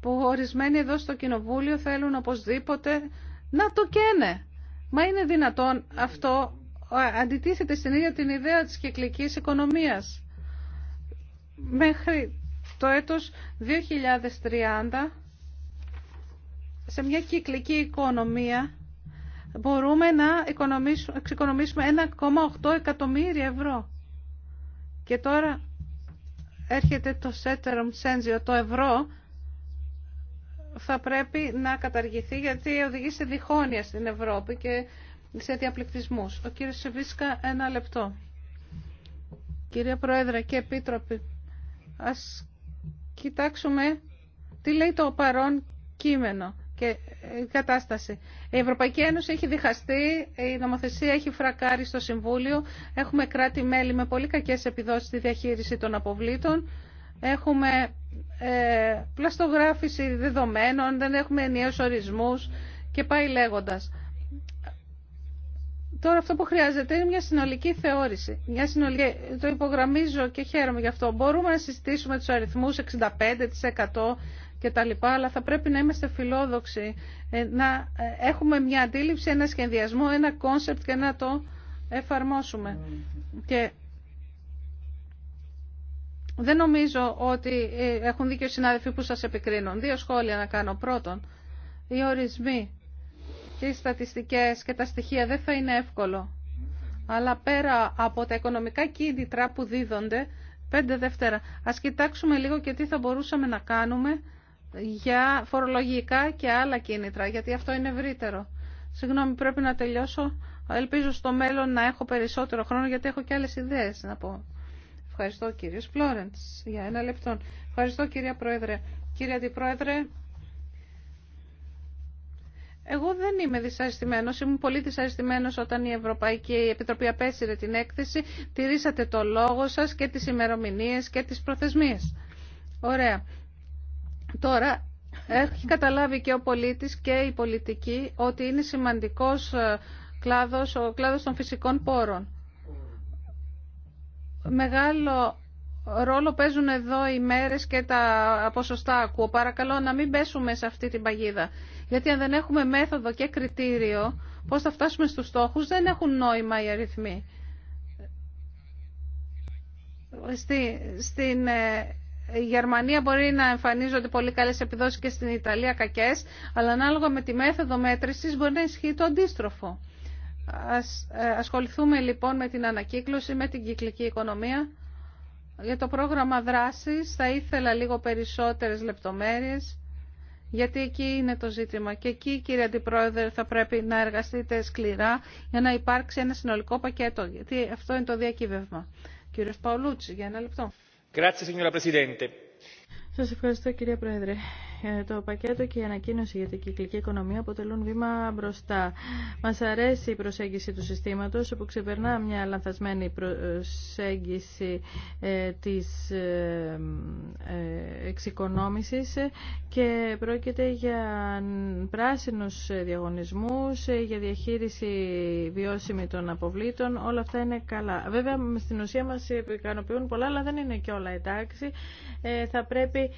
που ορισμένοι εδώ στο Κοινοβούλιο θέλουν οπωσδήποτε να το καίνε. Μα είναι δυνατόν αυτό αντιτίθεται στην ίδια την ιδέα της κυκλικής οικονομίας. Μέχρι το έτος 2030 σε μια κυκλική οικονομία μπορούμε να εξοικονομήσουμε 1,8 εκατομμύρια ευρώ. Και τώρα έρχεται το Σέτερομ σένζιο το ευρώ, θα πρέπει να καταργηθεί γιατί οδηγεί σε διχόνοια στην Ευρώπη και σε διαπληκτισμούς. Ο κύριος Σεβίσκα, ένα λεπτό. Κυρία Πρόεδρε και Επίτροπη, ας κοιτάξουμε τι λέει το παρόν κείμενο και η κατάσταση. Η Ευρωπαϊκή Ένωση έχει διχαστεί, η νομοθεσία έχει φρακάρει στο Συμβούλιο, έχουμε κράτη-μέλη με πολύ κακές επιδόσεις στη διαχείριση των αποβλήτων έχουμε ε, πλαστογράφηση δεδομένων, δεν έχουμε ενιαίους ορισμούς και πάει λέγοντας. Τώρα αυτό που χρειάζεται είναι μια συνολική θεώρηση. Μια συνολική, το υπογραμμίζω και χαίρομαι γι' αυτό. Μπορούμε να συζητήσουμε τους αριθμούς 65% και τα λοιπά, αλλά θα πρέπει να είμαστε φιλόδοξοι, ε, να ε, έχουμε μια αντίληψη, ένα σχεδιασμό, ένα κόνσεπτ και να το εφαρμόσουμε. Και δεν νομίζω ότι ε, έχουν δίκιο οι συνάδελφοι που σας επικρίνουν. Δύο σχόλια να κάνω. Πρώτον, οι ορισμοί και οι στατιστικές και τα στοιχεία δεν θα είναι εύκολο. Αλλά πέρα από τα οικονομικά κίνητρα που δίδονται, πέντε δεύτερα, ας κοιτάξουμε λίγο και τι θα μπορούσαμε να κάνουμε για φορολογικά και άλλα κίνητρα, γιατί αυτό είναι ευρύτερο. Συγγνώμη, πρέπει να τελειώσω. Ελπίζω στο μέλλον να έχω περισσότερο χρόνο, γιατί έχω και άλλες ιδέες να πω. Ευχαριστώ κύριε Φλόρεντς για ένα λεπτό. Ευχαριστώ κυρία Πρόεδρε. Κύριε Αντιπρόεδρε, εγώ δεν είμαι δυσαρεστημένος, ήμουν πολύ δυσαρεστημένος όταν η Ευρωπαϊκή Επιτροπή απέσυρε την έκθεση, τηρήσατε το λόγο σας και τις ημερομηνίες και τις προθεσμίες. Ωραία. Τώρα έχει καταλάβει και ο πολίτης και η πολιτική ότι είναι σημαντικός ε, κλάδος, ο κλάδος των φυσικών πόρων. Μεγάλο ρόλο παίζουν εδώ οι μέρες και τα ποσοστά ακούω. Παρακαλώ να μην πέσουμε σε αυτή την παγίδα. Γιατί αν δεν έχουμε μέθοδο και κριτήριο πώς θα φτάσουμε στους στόχους δεν έχουν νόημα οι αριθμοί. Στη, στην ε, Γερμανία μπορεί να εμφανίζονται πολύ καλές επιδόσεις και στην Ιταλία κακές, αλλά ανάλογα με τη μέθοδο μέτρησης μπορεί να ισχύει το αντίστροφο. Ας ε, ασχοληθούμε λοιπόν με την ανακύκλωση, με την κυκλική οικονομία. Για το πρόγραμμα δράσης θα ήθελα λίγο περισσότερες λεπτομέρειες, γιατί εκεί είναι το ζήτημα. Και εκεί, κύριε Αντιπρόεδρε, θα πρέπει να εργαστείτε σκληρά για να υπάρξει ένα συνολικό πακέτο, γιατί αυτό είναι το διακύβευμα. Κύριος Παολούτσι, για ένα λεπτό. Grazie, signora Presidente. Σας ευχαριστώ κυρία Πρόεδρε. Ε, το πακέτο και η ανακοίνωση για την κυκλική οικονομία αποτελούν βήμα μπροστά. Μας αρέσει η προσέγγιση του συστήματος που ξεπερνά μια λανθασμένη προσέγγιση ε, της ε, εξοικονόμησης και πρόκειται για πράσινους διαγωνισμούς, για διαχείριση βιώσιμη των αποβλήτων. Όλα αυτά είναι καλά. Βέβαια στην ουσία μας ικανοποιούν πολλά αλλά δεν είναι και όλα εντάξει. Θα πρέπει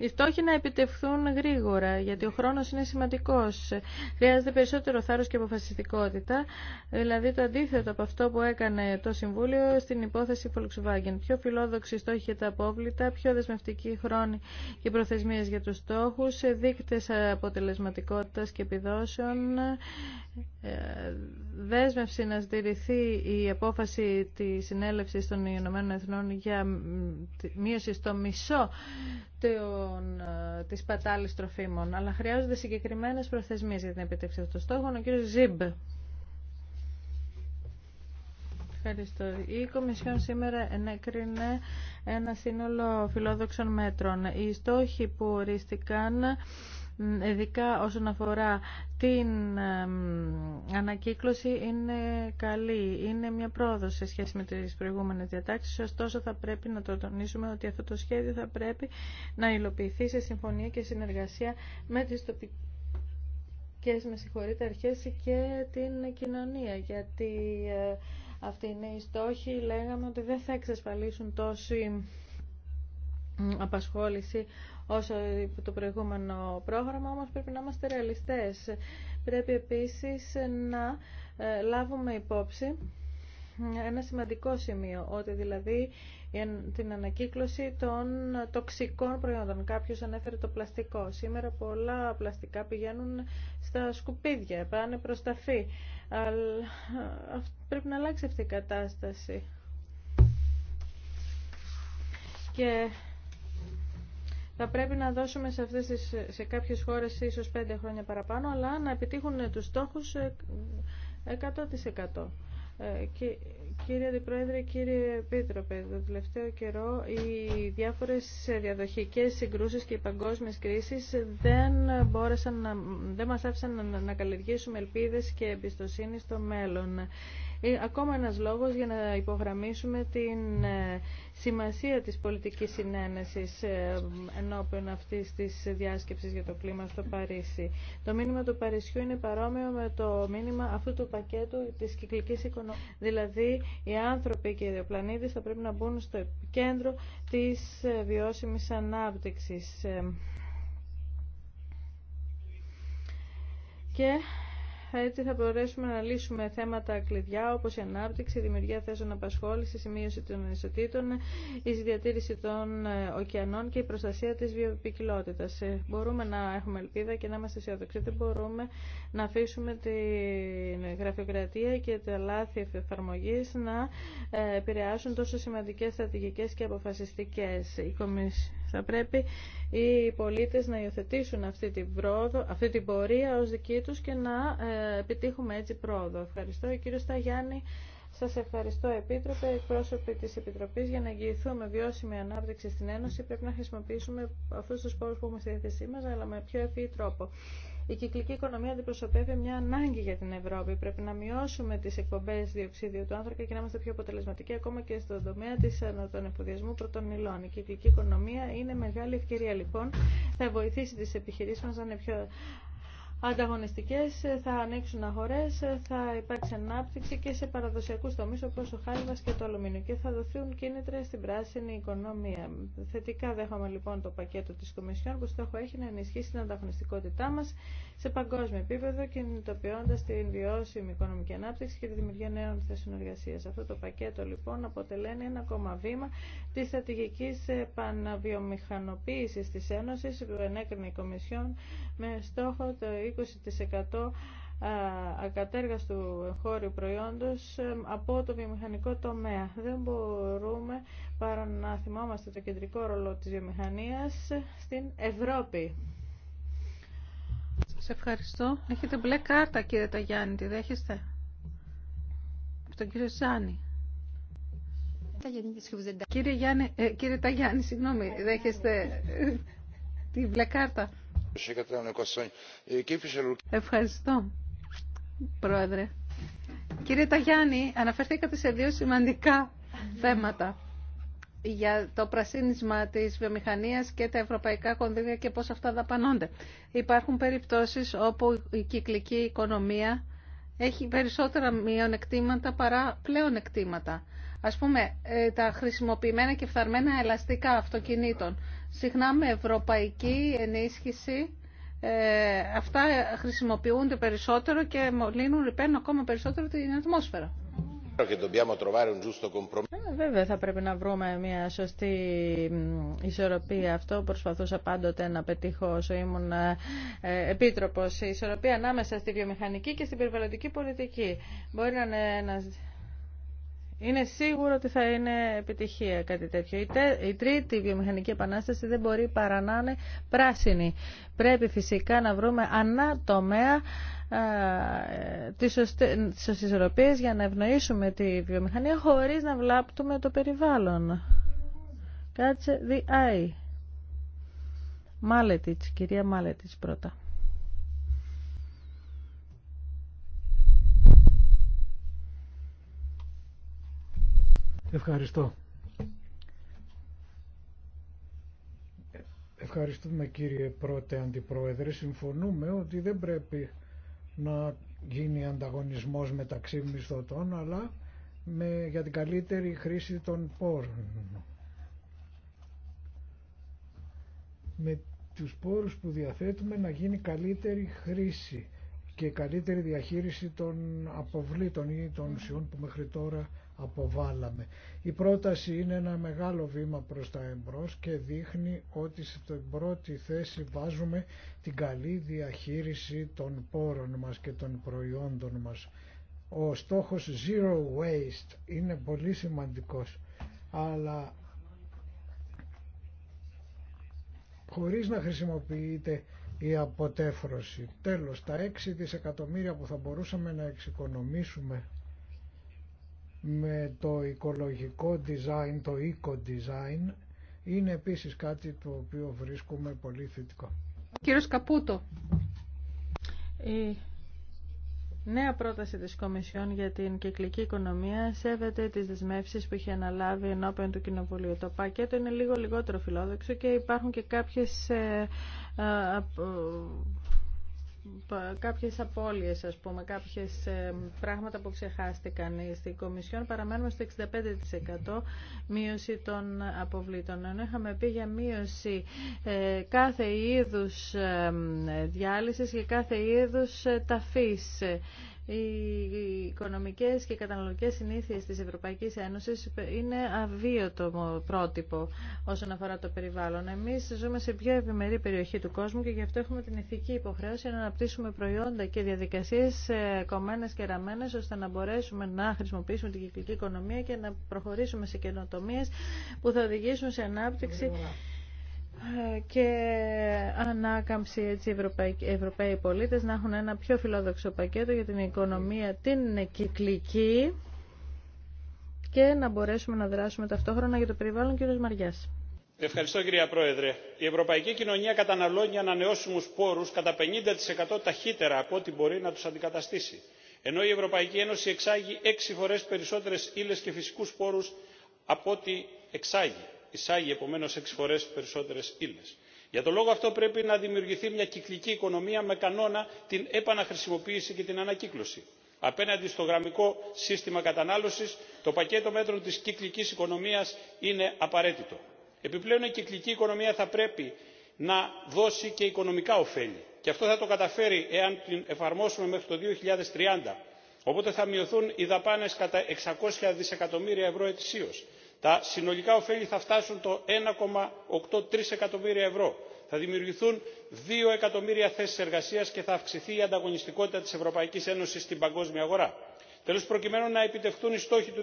οι στόχοι να επιτευχθούν γρήγορα, γιατί ο χρόνο είναι σημαντικό. Χρειάζεται περισσότερο θάρρο και αποφασιστικότητα, δηλαδή το αντίθετο από αυτό που έκανε το Συμβούλιο στην υπόθεση Volkswagen. Πιο φιλόδοξοι στόχοι για τα απόβλητα, πιο δεσμευτικοί χρόνοι και προθεσμίε για του στόχου. δείκτε αποτελεσματικότητα και επιδόσεων, ε, δέσμευση να στηριχθεί η απόφαση τη συνέλευση των Ηνωμένων Εθνών για μείωση στο μισό το των, ε, της πατάλης τροφίμων, αλλά χρειάζονται συγκεκριμένες προθεσμίες για την επιτεύξη αυτών των στόχων. Ο κ. Ζιμπ. Ευχαριστώ. Η Κομισιόν σήμερα ενέκρινε ένα σύνολο φιλόδοξων μέτρων. Οι στόχοι που ορίστηκαν ειδικά όσον αφορά την ανακύκλωση είναι καλή, είναι μια πρόοδος σε σχέση με τις προηγούμενες διατάξεις, ωστόσο θα πρέπει να το τονίσουμε ότι αυτό το σχέδιο θα πρέπει να υλοποιηθεί σε συμφωνία και συνεργασία με τις τοπικές με συγχωρείτε αρχές και την κοινωνία γιατί ε, αυτοί οι στόχοι λέγαμε ότι δεν θα εξασφαλίσουν τόση απασχόληση όσο το προηγούμενο πρόγραμμα, όμως πρέπει να είμαστε ρεαλιστές. Πρέπει επίσης να ε, λάβουμε υπόψη ένα σημαντικό σημείο, ότι δηλαδή την ανακύκλωση των τοξικών προϊόντων. Κάποιος ανέφερε το πλαστικό. Σήμερα πολλά πλαστικά πηγαίνουν στα σκουπίδια, πάνε προς τα φύ. Αλλά πρέπει να αλλάξει αυτή η κατάσταση. Θα πρέπει να δώσουμε σε, αυτές τις, σε κάποιες χώρες ίσως πέντε χρόνια παραπάνω, αλλά να επιτύχουν τους στόχους 100%. Ε, ε, κύριε Αντιπρόεδρε, κύριε Επίτροπε, το τελευταίο καιρό οι διάφορες διαδοχικές συγκρούσεις και οι παγκόσμιες κρίσεις δεν, μπόρεσαν να, δεν μας άφησαν να, να καλλιεργήσουμε ελπίδες και εμπιστοσύνη στο μέλλον. Ε, ακόμα ένας λόγος για να υπογραμμίσουμε την ε, σημασία της πολιτικής συνένεσης ε, ενώπιον αυτής της διάσκεψης για το κλίμα στο Παρίσι. Το μήνυμα του Παρισιού είναι παρόμοιο με το μήνυμα αυτού του πακέτου της κυκλικής οικονομίας. Δηλαδή, οι άνθρωποι και οι πλανήτες θα πρέπει να μπουν στο κέντρο της βιώσιμης ανάπτυξης. Έτσι θα μπορέσουμε να λύσουμε θέματα κλειδιά όπως η ανάπτυξη, η δημιουργία θέσεων απασχόληση, η μείωση των ισοτήτων, η διατήρηση των ε, ωκεανών και η προστασία της βιοποικιλότητας. Ε, μπορούμε να έχουμε ελπίδα και να είμαστε αισιοδοξοί. Δεν μπορούμε να αφήσουμε την γραφειοκρατία και τα λάθη εφαρμογή να ε, επηρεάσουν τόσο σημαντικές στρατηγικές και αποφασιστικές. Η θα πρέπει οι πολίτες να υιοθετήσουν αυτή την, πρόοδο, αυτή την πορεία ως δική τους και να ε, επιτύχουμε έτσι πρόοδο. Ευχαριστώ. Κύριο Σταγιάννη, σας ευχαριστώ Επίτροπε, εκπρόσωποι της Επιτροπής για να εγγυηθούμε βιώσιμη ανάπτυξη στην Ένωση. Πρέπει να χρησιμοποιήσουμε αυτούς τους πόρους που έχουμε στη διάθεσή μας, αλλά με πιο ευφύ τρόπο. Η κυκλική οικονομία αντιπροσωπεύει μια ανάγκη για την Ευρώπη. Πρέπει να μειώσουμε τι εκπομπέ διοξίδιου του άνθρακα και να είμαστε πιο αποτελεσματικοί ακόμα και στον τομέα της, των εφοδιασμού πρώτων υλών. Η κυκλική οικονομία είναι μεγάλη ευκαιρία λοιπόν. Θα βοηθήσει τι επιχειρήσει μα να είναι πιο ανταγωνιστικές, θα ανοίξουν αγορές, θα υπάρξει ανάπτυξη και σε παραδοσιακούς τομείς όπως ο χάλιβας και το αλουμίνιο και θα δοθούν κίνητρα στην πράσινη οικονομία. Θετικά δέχομαι λοιπόν το πακέτο της Κομισιόν που στόχο έχει να ενισχύσει την ανταγωνιστικότητά μας σε παγκόσμιο επίπεδο κινητοποιώντα την βιώσιμη οικονομική ανάπτυξη και τη δημιουργία νέων θέσεων Αυτό το πακέτο λοιπόν αποτελεί ένα ακόμα βήμα τη στρατηγική επαναβιομηχανοποίηση τη Ένωση, που ενέκρινε η Κομισιόν με στόχο το 20% ε, ακατέργαστου εγχώριου προϊόντος ε, από το βιομηχανικό τομέα. Δεν μπορούμε παρά να θυμόμαστε το κεντρικό ρόλο της βιομηχανίας στην Ευρώπη. Σε ευχαριστώ. Έχετε μπλε κάρτα κύριε Ταγιάννη, τη δέχεστε. Από τον κύριο Σάνι. Κύριε, Γιάννη, ε, κύριε Ταγιάννη, συγγνώμη, δέχεστε ε, τη μπλε κάρτα. Ευχαριστώ, Πρόεδρε. Κύριε Ταγιάννη, αναφερθήκατε σε δύο σημαντικά θέματα για το πρασίνισμα της βιομηχανίας και τα ευρωπαϊκά κονδύλια και πώς αυτά δαπανώνται. Υπάρχουν περιπτώσεις όπου η κυκλική οικονομία έχει περισσότερα μειονεκτήματα παρά πλέον εκτήματα. Ας πούμε, ε, τα χρησιμοποιημένα και φθαρμένα ελαστικά αυτοκινήτων. Συχνά με ευρωπαϊκή ενίσχυση ε, αυτά χρησιμοποιούνται περισσότερο και μολύνουν, ρηπαίνουν ακόμα περισσότερο την ατμόσφαιρα. Ε, βέβαια θα πρέπει να βρούμε μια σωστή ισορροπία. Αυτό προσπαθούσα πάντοτε να πετύχω όσο ήμουν επίτροπος. Η ισορροπία ανάμεσα στη βιομηχανική και στην περιβαλλοντική πολιτική. Μπορεί να είναι είναι σίγουρο ότι θα είναι επιτυχία κάτι τέτοιο. Η τρίτη βιομηχανική επανάσταση δεν μπορεί παρά να είναι πράσινη. Πρέπει φυσικά να βρούμε ανά τομέα τις σωστές για να ευνοήσουμε τη βιομηχανία χωρίς να βλάπτουμε το περιβάλλον. Κάτσε δι' Μάλετιτς, κυρία Μάλετιτς πρώτα. Ευχαριστώ. Ευχαριστούμε κύριε πρώτε αντιπρόεδρε. Συμφωνούμε ότι δεν πρέπει να γίνει ανταγωνισμός μεταξύ μισθωτών αλλά με, για την καλύτερη χρήση των πόρων. Με τους πόρους που διαθέτουμε να γίνει καλύτερη χρήση και καλύτερη διαχείριση των αποβλήτων ή των ουσιών που μέχρι τώρα αποβάλαμε. Η πρόταση είναι ένα μεγάλο βήμα προς τα εμπρός και δείχνει ότι στην πρώτη θέση βάζουμε την καλή διαχείριση των πόρων μας και των προϊόντων μας. Ο στόχος Zero Waste είναι πολύ σημαντικός, αλλά χωρίς να χρησιμοποιείται η αποτέφρωση. Τέλος, τα 6 δισεκατομμύρια που θα μπορούσαμε να εξοικονομήσουμε με το οικολογικό design, το eco-design, είναι επίσης κάτι το οποίο βρίσκουμε πολύ θετικό. Κύριος Καπούτο, η νέα πρόταση της Κομισιόν για την κυκλική οικονομία σέβεται τις δεσμεύσεις που είχε αναλάβει ενώπιον του Κοινοβουλίου. Το πακέτο είναι λίγο λιγότερο φιλόδοξο και υπάρχουν και κάποιες ε, ε, κάποιες απώλειες, ας πούμε, κάποιες ε, πράγματα που ξεχάστηκαν. Ε, στην Κομισιόν παραμένουμε στο 65% μείωση των αποβλήτων. Ενώ είχαμε πει για μείωση ε, κάθε είδους διάλυσης και κάθε είδους ταφής οι οικονομικές και καταναλωτικές συνήθειες της Ευρωπαϊκής Ένωσης είναι αβίωτο πρότυπο όσον αφορά το περιβάλλον. Εμείς ζούμε σε πιο ευημερή περιοχή του κόσμου και γι' αυτό έχουμε την ηθική υποχρέωση να αναπτύσσουμε προϊόντα και διαδικασίες ε, κομμένες και ραμμένες ώστε να μπορέσουμε να χρησιμοποιήσουμε την κυκλική οικονομία και να προχωρήσουμε σε καινοτομίε που θα οδηγήσουν σε ανάπτυξη και ανάκαμψη έτσι Ευρωπαϊ... Ευρωπαίοι πολίτες να έχουν ένα πιο φιλόδοξο πακέτο για την οικονομία την κυκλική και να μπορέσουμε να δράσουμε ταυτόχρονα για το περιβάλλον κ. Μαριάς. Ευχαριστώ κυρία Πρόεδρε. Η ευρωπαϊκή κοινωνία καταναλώνει ανανεώσιμους πόρους κατά 50% ταχύτερα από ό,τι μπορεί να τους αντικαταστήσει. Ενώ η Ευρωπαϊκή Ένωση εξάγει έξι φορές περισσότερες ύλες και φυσικούς πόρους από ό,τι εξάγει εισάγει επομένως έξι φορές περισσότερες ύλες. Για τον λόγο αυτό πρέπει να δημιουργηθεί μια κυκλική οικονομία με κανόνα την επαναχρησιμοποίηση και την ανακύκλωση. Απέναντι στο γραμμικό σύστημα κατανάλωσης, το πακέτο μέτρων της κυκλικής οικονομίας είναι απαραίτητο. Επιπλέον, η κυκλική οικονομία θα πρέπει να δώσει και οικονομικά ωφέλη. Και αυτό θα το καταφέρει εάν την εφαρμόσουμε μέχρι το 2030. Οπότε θα μειωθούν οι δαπάνε κατά 600 δισεκατομμύρια ευρώ ετησίως τα συνολικά ωφέλη θα φτάσουν το 1,83 εκατομμύρια ευρώ. Θα δημιουργηθούν 2 εκατομμύρια θέσεις εργασίας και θα αυξηθεί η ανταγωνιστικότητα της Ευρωπαϊκής Ένωσης στην παγκόσμια αγορά. Τέλος, προκειμένου να επιτευχθούν οι στόχοι του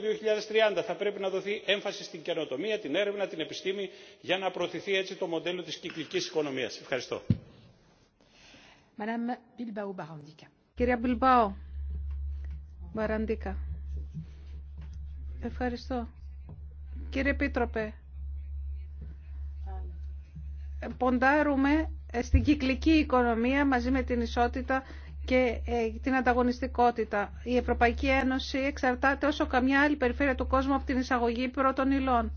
2030 θα πρέπει να δοθεί έμφαση στην καινοτομία, την έρευνα, την επιστήμη για να προωθηθεί έτσι το μοντέλο της κυκλικής οικονομίας. Ευχαριστώ. Ευχαριστώ. Κύριε Επίτροπε, ποντάρουμε στην κυκλική οικονομία μαζί με την ισότητα και ε, την ανταγωνιστικότητα. Η Ευρωπαϊκή Ένωση εξαρτάται όσο καμιά άλλη περιφέρεια του κόσμου από την εισαγωγή πρώτων υλών.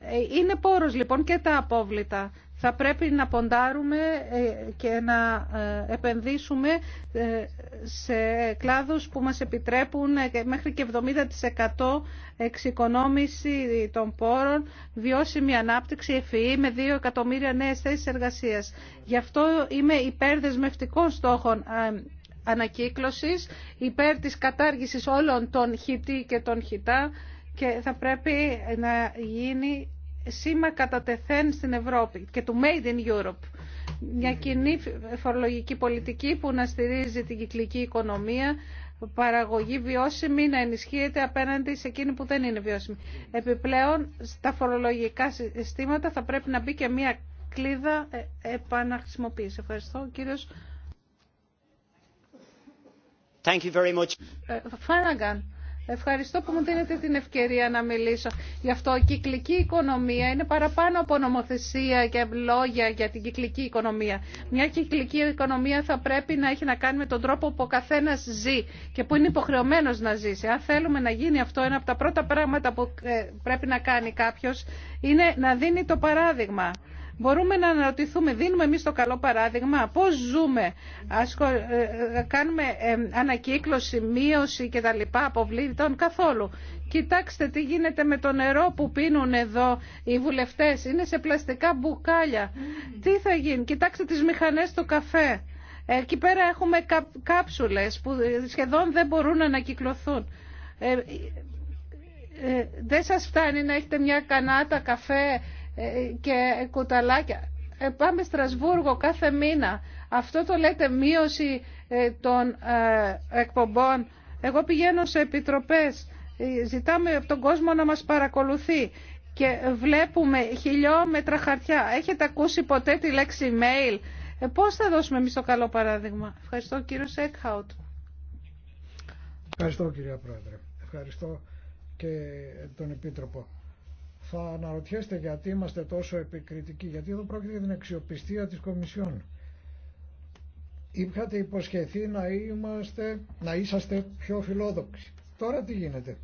Ε, είναι πόρος λοιπόν και τα απόβλητα θα πρέπει να ποντάρουμε ε, και να ε, επενδύσουμε ε, σε κλάδους που μας επιτρέπουν μέχρι και 70% εξοικονόμηση των πόρων, βιώσιμη ανάπτυξη, ευφυή e e, με 2 εκατομμύρια νέες θέσεις εργασίας. Γι' αυτό είμαι υπέρ δεσμευτικών στόχων ανακύκλωσης, υπέρ της κατάργησης όλων των χιτή και των χιτά και θα πρέπει να γίνει σήμα κατά τεθέν στην Ευρώπη και του Made in Europe. Μια κοινή φορολογική πολιτική που να στηρίζει την κυκλική οικονομία, παραγωγή βιώσιμη να ενισχύεται απέναντι σε εκείνη που δεν είναι βιώσιμη. Επιπλέον, στα φορολογικά συστήματα θα πρέπει να μπει και μια κλίδα ε, επαναχρησιμοποίηση. Ευχαριστώ, κύριος Thank you very much. Ε, Φάναγκαν. Ευχαριστώ που μου δίνετε την ευκαιρία να μιλήσω. Γι' αυτό η κυκλική οικονομία είναι παραπάνω από νομοθεσία και λόγια για την κυκλική οικονομία. Μια κυκλική οικονομία θα πρέπει να έχει να κάνει με τον τρόπο που ο καθένα ζει και που είναι υποχρεωμένο να ζήσει. Αν θέλουμε να γίνει αυτό, ένα από τα πρώτα πράγματα που ε, πρέπει να κάνει κάποιο είναι να δίνει το παράδειγμα. Μπορούμε να αναρωτηθούμε, δίνουμε εμείς το καλό παράδειγμα, πώς ζούμε, ε, κάνουμε ε, ανακύκλωση, μείωση και τα λοιπά αποβλήτων καθόλου. Κοιτάξτε τι γίνεται με το νερό που πίνουν εδώ οι βουλευτές, είναι σε πλαστικά μπουκάλια. Τι θα γίνει, κοιτάξτε τις μηχανές του καφέ. Εκεί πέρα έχουμε κάψουλες που σχεδόν δεν μπορούν να ανακυκλωθούν. Ε, ε, δεν σας φτάνει να έχετε μια κανάτα καφέ ε, ε, και κουταλάκια. Ε, πάμε Στρασβούργο κάθε μήνα. Αυτό το λέτε μείωση των εκπομπών. Εγώ πηγαίνω σε επιτροπές. Ζητάμε από τον κόσμο να μας παρακολουθεί και βλέπουμε χιλιόμετρα χαρτιά. Έχετε ακούσει ποτέ τη λέξη mail. Ε, πώς θα δώσουμε εμείς το καλό παράδειγμα. Ευχαριστώ κύριο Σέκχαουτ. Ευχαριστώ κυρία Πρόεδρε. Ευχαριστώ και τον Επίτροπο θα αναρωτιέστε γιατί είμαστε τόσο επικριτικοί, γιατί εδώ πρόκειται για την αξιοπιστία της Κομισιόν. Είχατε υποσχεθεί να, είμαστε, να είσαστε πιο φιλόδοξοι. Τώρα τι γίνεται.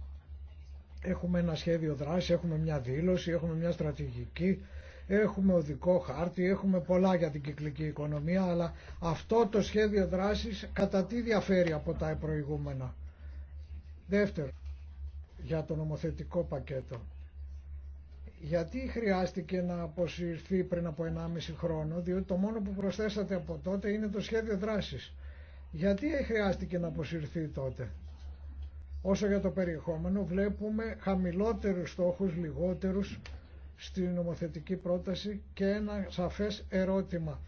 Έχουμε ένα σχέδιο δράση, έχουμε μια δήλωση, έχουμε μια στρατηγική, έχουμε οδικό χάρτη, έχουμε πολλά για την κυκλική οικονομία, αλλά αυτό το σχέδιο δράσης κατά τι διαφέρει από τα προηγούμενα. Δεύτερο, για το νομοθετικό πακέτο γιατί χρειάστηκε να αποσυρθεί πριν από 1,5 χρόνο, διότι το μόνο που προσθέσατε από τότε είναι το σχέδιο δράσης. Γιατί χρειάστηκε να αποσυρθεί τότε. Όσο για το περιεχόμενο βλέπουμε χαμηλότερους στόχους, λιγότερους στην νομοθετική πρόταση και ένα σαφές ερώτημα.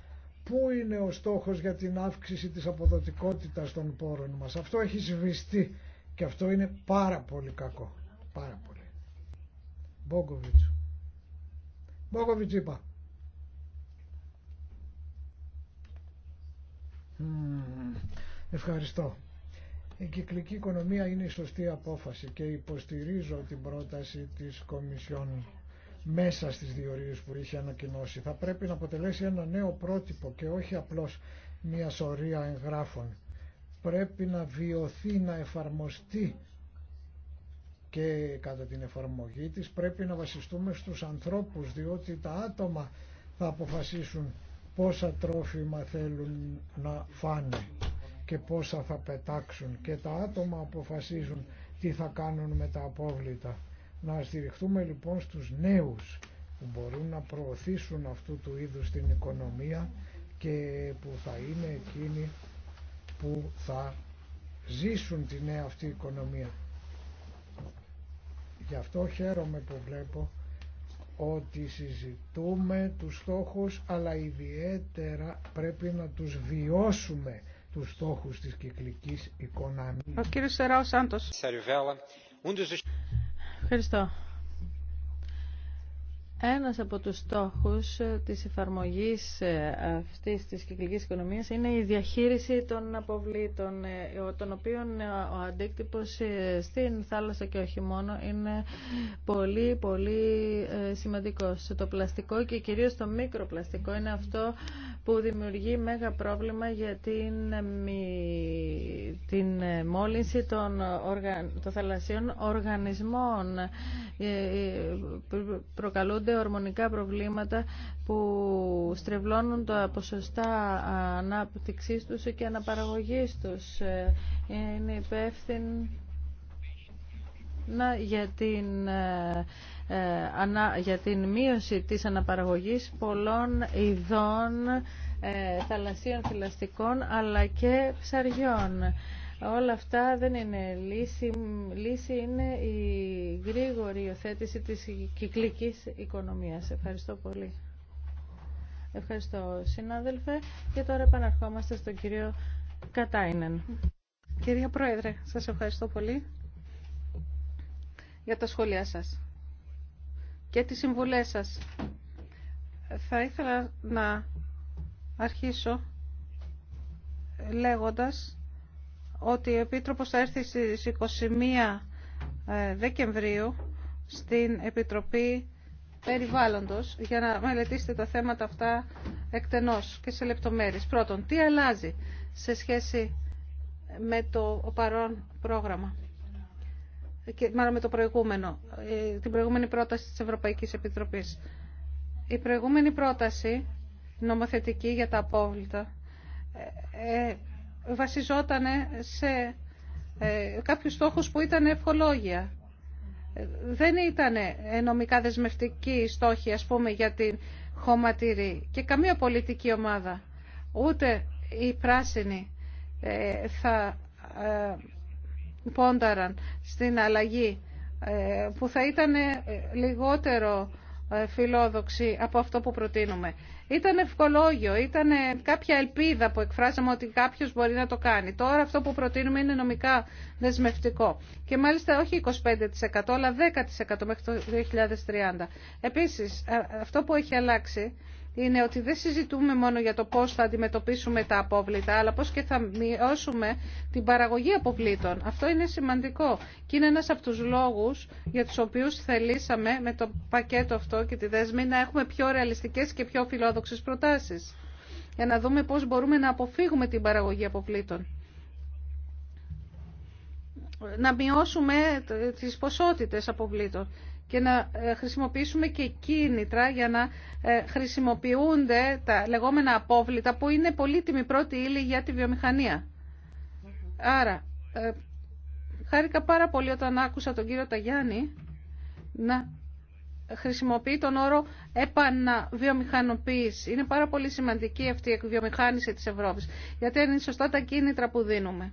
Πού είναι ο στόχος για την αύξηση της αποδοτικότητας των πόρων μας. Αυτό έχει σβηστεί και αυτό είναι πάρα πολύ κακό. Πάρα πολύ. Μπόγκοβιτς. Βιτσίπα. Ευχαριστώ. Η κυκλική οικονομία είναι η σωστή απόφαση και υποστηρίζω την πρόταση της Κομισιόν μέσα στις διορίες που είχε ανακοινώσει. Θα πρέπει να αποτελέσει ένα νέο πρότυπο και όχι απλώς μια σωρία εγγράφων. Πρέπει να βιωθεί, να εφαρμοστεί και κατά την εφαρμογή της πρέπει να βασιστούμε στους ανθρώπους διότι τα άτομα θα αποφασίσουν πόσα τρόφιμα θέλουν να φάνε και πόσα θα πετάξουν και τα άτομα αποφασίζουν τι θα κάνουν με τα απόβλητα. Να στηριχτούμε λοιπόν στους νέους που μπορούν να προωθήσουν αυτού του είδους την οικονομία και που θα είναι εκείνοι που θα ζήσουν τη νέα αυτή οικονομία. Γι' αυτό χαίρομαι που βλέπω ότι συζητούμε τους στόχους αλλά ιδιαίτερα πρέπει να τους βιώσουμε τους στόχους της κυκλικής οικονομίας. Ο κύριος Σεράος Σάντος. Ευχαριστώ. Ένας από τους στόχους ε, της εφαρμογής ε, αυτής της κυκλικής οικονομίας είναι η διαχείριση των αποβλήτων, ε, των οποίων ο αντίκτυπος στην θάλασσα και όχι μόνο είναι πολύ πολύ σημαντικός. Το πλαστικό και κυρίως το μικροπλαστικό είναι αυτό που δημιουργεί μέγα πρόβλημα για την, την μόλυνση των, οργαν, θαλασσίων οργανισμών. Προκαλούνται ορμονικά προβλήματα που στρεβλώνουν τα ποσοστά ανάπτυξής τους και αναπαραγωγής τους. Ε, είναι υπεύθυνα για την, ε, ε, για την μείωση της αναπαραγωγής πολλών ειδών θαλασσίων θηλαστικών αλλά και ψαριών. Όλα αυτά δεν είναι λύση. Λύση είναι η γρήγορη υιοθέτηση της κυκλικής οικονομίας. Ευχαριστώ πολύ. Ευχαριστώ συνάδελφε και τώρα επαναρχόμαστε στον κύριο Κατάινεν. Κυρία Πρόεδρε, σας ευχαριστώ πολύ για τα σχόλιά σας και τις συμβουλές σας. Θα ήθελα να αρχίσω λέγοντας ότι ο Επίτροπος θα έρθει στις 21 ε, Δεκεμβρίου στην Επιτροπή Περιβάλλοντος για να μελετήσετε τα θέματα αυτά εκτενώς και σε λεπτομέρειες. Πρώτον, τι αλλάζει σε σχέση με το παρόν πρόγραμμα και μάλλον με το προηγούμενο, ε, την προηγούμενη πρόταση της Ευρωπαϊκής Επιτροπής. Η προηγούμενη πρόταση νομοθετική για τα απόβλητα ε, βασιζόταν σε ε, κάποιους στόχους που ήταν ευχολόγια. Δεν ήταν νομικά δεσμευτική η στόχη, ας πούμε, για την χωματήρη και καμία πολιτική ομάδα, ούτε οι πράσινοι ε, θα ε, πόνταραν στην αλλαγή που θα ήταν λιγότερο ε, φιλόδοξη από αυτό που προτείνουμε. Ήταν ευκολόγιο, ήταν κάποια ελπίδα που εκφράσαμε ότι κάποιος μπορεί να το κάνει. Τώρα αυτό που προτείνουμε είναι νομικά δεσμευτικό. Και μάλιστα όχι 25% αλλά 10% μέχρι το 2030. Επίσης, αυτό που έχει αλλάξει είναι ότι δεν συζητούμε μόνο για το πώς θα αντιμετωπίσουμε τα απόβλητα, αλλά πώς και θα μειώσουμε την παραγωγή αποβλήτων. Αυτό είναι σημαντικό και είναι ένας από τους λόγους για τους οποίους θελήσαμε με το πακέτο αυτό και τη δέσμη να έχουμε πιο ρεαλιστικές και πιο φιλόδοξες προτάσεις για να δούμε πώς μπορούμε να αποφύγουμε την παραγωγή αποβλήτων. Να μειώσουμε τις ποσότητες αποβλήτων και να ε, χρησιμοποιήσουμε και κίνητρα για να ε, χρησιμοποιούνται τα λεγόμενα απόβλητα που είναι πολύτιμη πρώτη ύλη για τη βιομηχανία. Άρα, ε, χάρηκα πάρα πολύ όταν άκουσα τον κύριο Ταγιάννη να χρησιμοποιεί τον όρο επαναβιομηχανοποίηση. Είναι πάρα πολύ σημαντική αυτή η εκβιομηχάνηση της Ευρώπης, γιατί είναι σωστά τα κίνητρα που δίνουμε.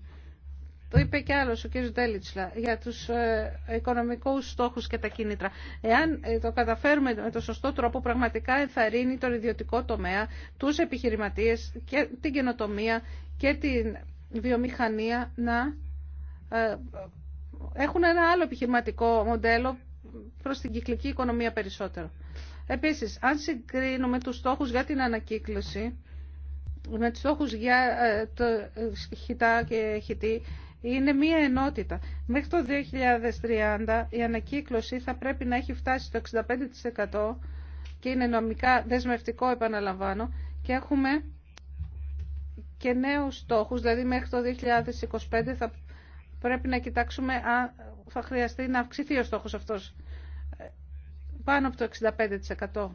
Το είπε και άλλος ο κ. Ντέλιτσλα για τους ε, οικονομικούς στόχους και τα κίνητρα. Εάν ε, το καταφέρουμε με το σωστό τρόπο, πραγματικά ενθαρρύνει τον ιδιωτικό τομέα, τους επιχειρηματίες και την καινοτομία και την βιομηχανία να ε, έχουν ένα άλλο επιχειρηματικό μοντέλο προς την κυκλική οικονομία περισσότερο. Επίσης, αν συγκρίνουμε τους στόχους για την ανακύκλωση με τους στόχους για το χιτά και χιτή, είναι μία ενότητα. Μέχρι το 2030 η ανακύκλωση θα πρέπει να έχει φτάσει στο 65% και είναι νομικά δεσμευτικό, επαναλαμβάνω, και έχουμε και νέους στόχους, δηλαδή μέχρι το 2025 θα πρέπει να κοιτάξουμε αν θα χρειαστεί να αυξηθεί ο στόχος αυτός ε, πάνω από το 65%.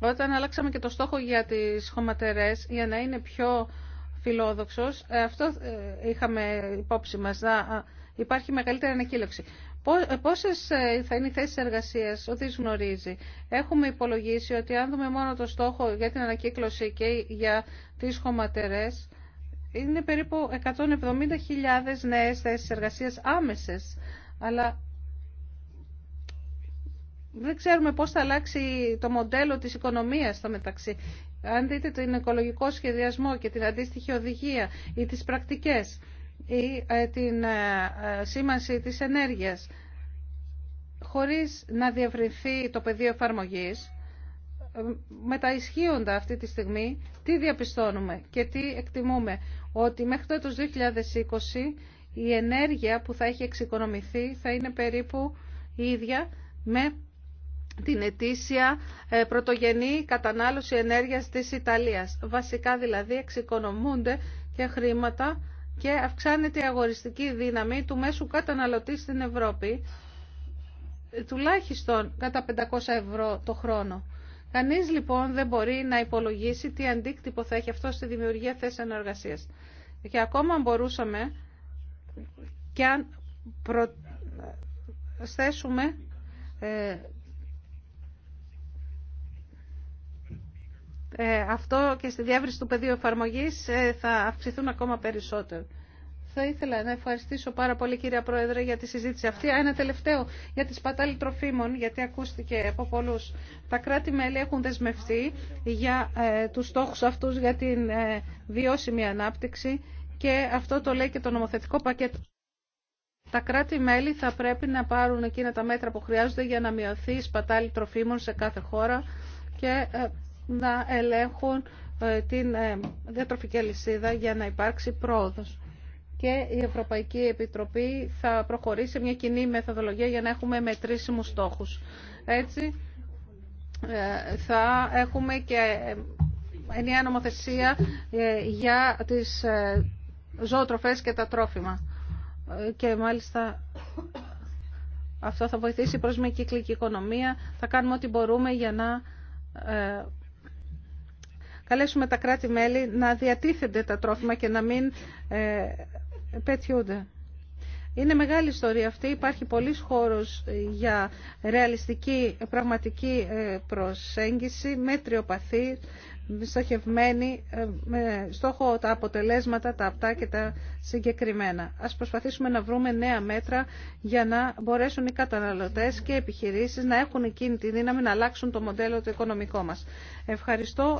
Όταν αλλάξαμε και το στόχο για τις χωματερές, για να είναι πιο φιλόδοξος. Ε, αυτό ε, είχαμε υπόψη μας, να υπάρχει μεγαλύτερη ανακύκλωση. Ε, πόσες θα είναι οι θέσεις εργασίας, ό,τι γνωρίζει. Έχουμε υπολογίσει ότι αν δούμε μόνο το στόχο για την ανακύκλωση και για τις χωματερές, είναι περίπου 170.000 νέες θέσεις εργασίας άμεσες. Αλλά δεν ξέρουμε πώς θα αλλάξει το μοντέλο της οικονομίας στο μεταξύ. Αν δείτε τον οικολογικό σχεδιασμό και την αντίστοιχη οδηγία ή τις πρακτικές ή ε, την ε, ε, σήμανση της ενέργειας, χωρίς να διευρυνθεί το πεδίο εφαρμογής, με τα ισχύοντα αυτή τη στιγμή, τι διαπιστώνουμε και τι εκτιμούμε. Ότι μέχρι το έτος 2020 η ενέργεια που θα έχει εξοικονομηθεί θα είναι περίπου η ίδια με την ετήσια ε, πρωτογενή κατανάλωση ενέργειας της Ιταλίας. Βασικά δηλαδή εξοικονομούνται και χρήματα και αυξάνεται η αγοριστική δύναμη του μέσου καταναλωτή στην Ευρώπη τουλάχιστον κατά 500 ευρώ το χρόνο. Κανείς λοιπόν δεν μπορεί να υπολογίσει τι αντίκτυπο θα έχει αυτό στη δημιουργία θέσεων εργασίας. Και ακόμα μπορούσαμε και αν προσθέσουμε ε, Ε, αυτό και στη διεύρυνση του πεδίου εφαρμογής ε, θα αυξηθούν ακόμα περισσότερο. Θα ήθελα να ευχαριστήσω πάρα πολύ κυρία Πρόεδρε για τη συζήτηση αυτή. Ένα τελευταίο για τη σπατάλη τροφίμων, γιατί ακούστηκε από πολλούς. Τα κράτη-μέλη έχουν δεσμευτεί για ε, τους στόχους αυτούς για την βιώσιμη ανάπτυξη και αυτό το λέει και το νομοθετικό πακέτο. Τα κράτη-μέλη θα πρέπει να πάρουν εκείνα τα μέτρα που χρειάζονται για να μειωθεί η σπατάλη τροφίμων σε κάθε χώρα και να ελέγχουν ε, την ε, διατροφική αλυσίδα για να υπάρξει πρόοδος. Και η Ευρωπαϊκή Επιτροπή θα προχωρήσει μια κοινή μεθοδολογία για να έχουμε μετρήσιμους στόχους. Έτσι ε, θα έχουμε και ενιαία νομοθεσία για τις ζωοτροφές και τα τρόφιμα. Και μάλιστα αυτό θα βοηθήσει προς μια κυκλική οικονομία. Θα κάνουμε ό,τι μπορούμε για να καλέσουμε τα κράτη-μέλη να διατίθενται τα τρόφιμα και να μην ε, πετιούνται. Είναι μεγάλη ιστορία αυτή. Υπάρχει πολλή χώρο για ρεαλιστική, πραγματική ε, προσέγγιση, μέτριοπαθή, στοχευμένη, ε, με στόχο τα αποτελέσματα, τα απτά και τα συγκεκριμένα. Ας προσπαθήσουμε να βρούμε νέα μέτρα για να μπορέσουν οι καταναλωτές και οι επιχειρήσεις να έχουν εκείνη τη δύναμη να αλλάξουν το μοντέλο το οικονομικό μας. Ευχαριστώ.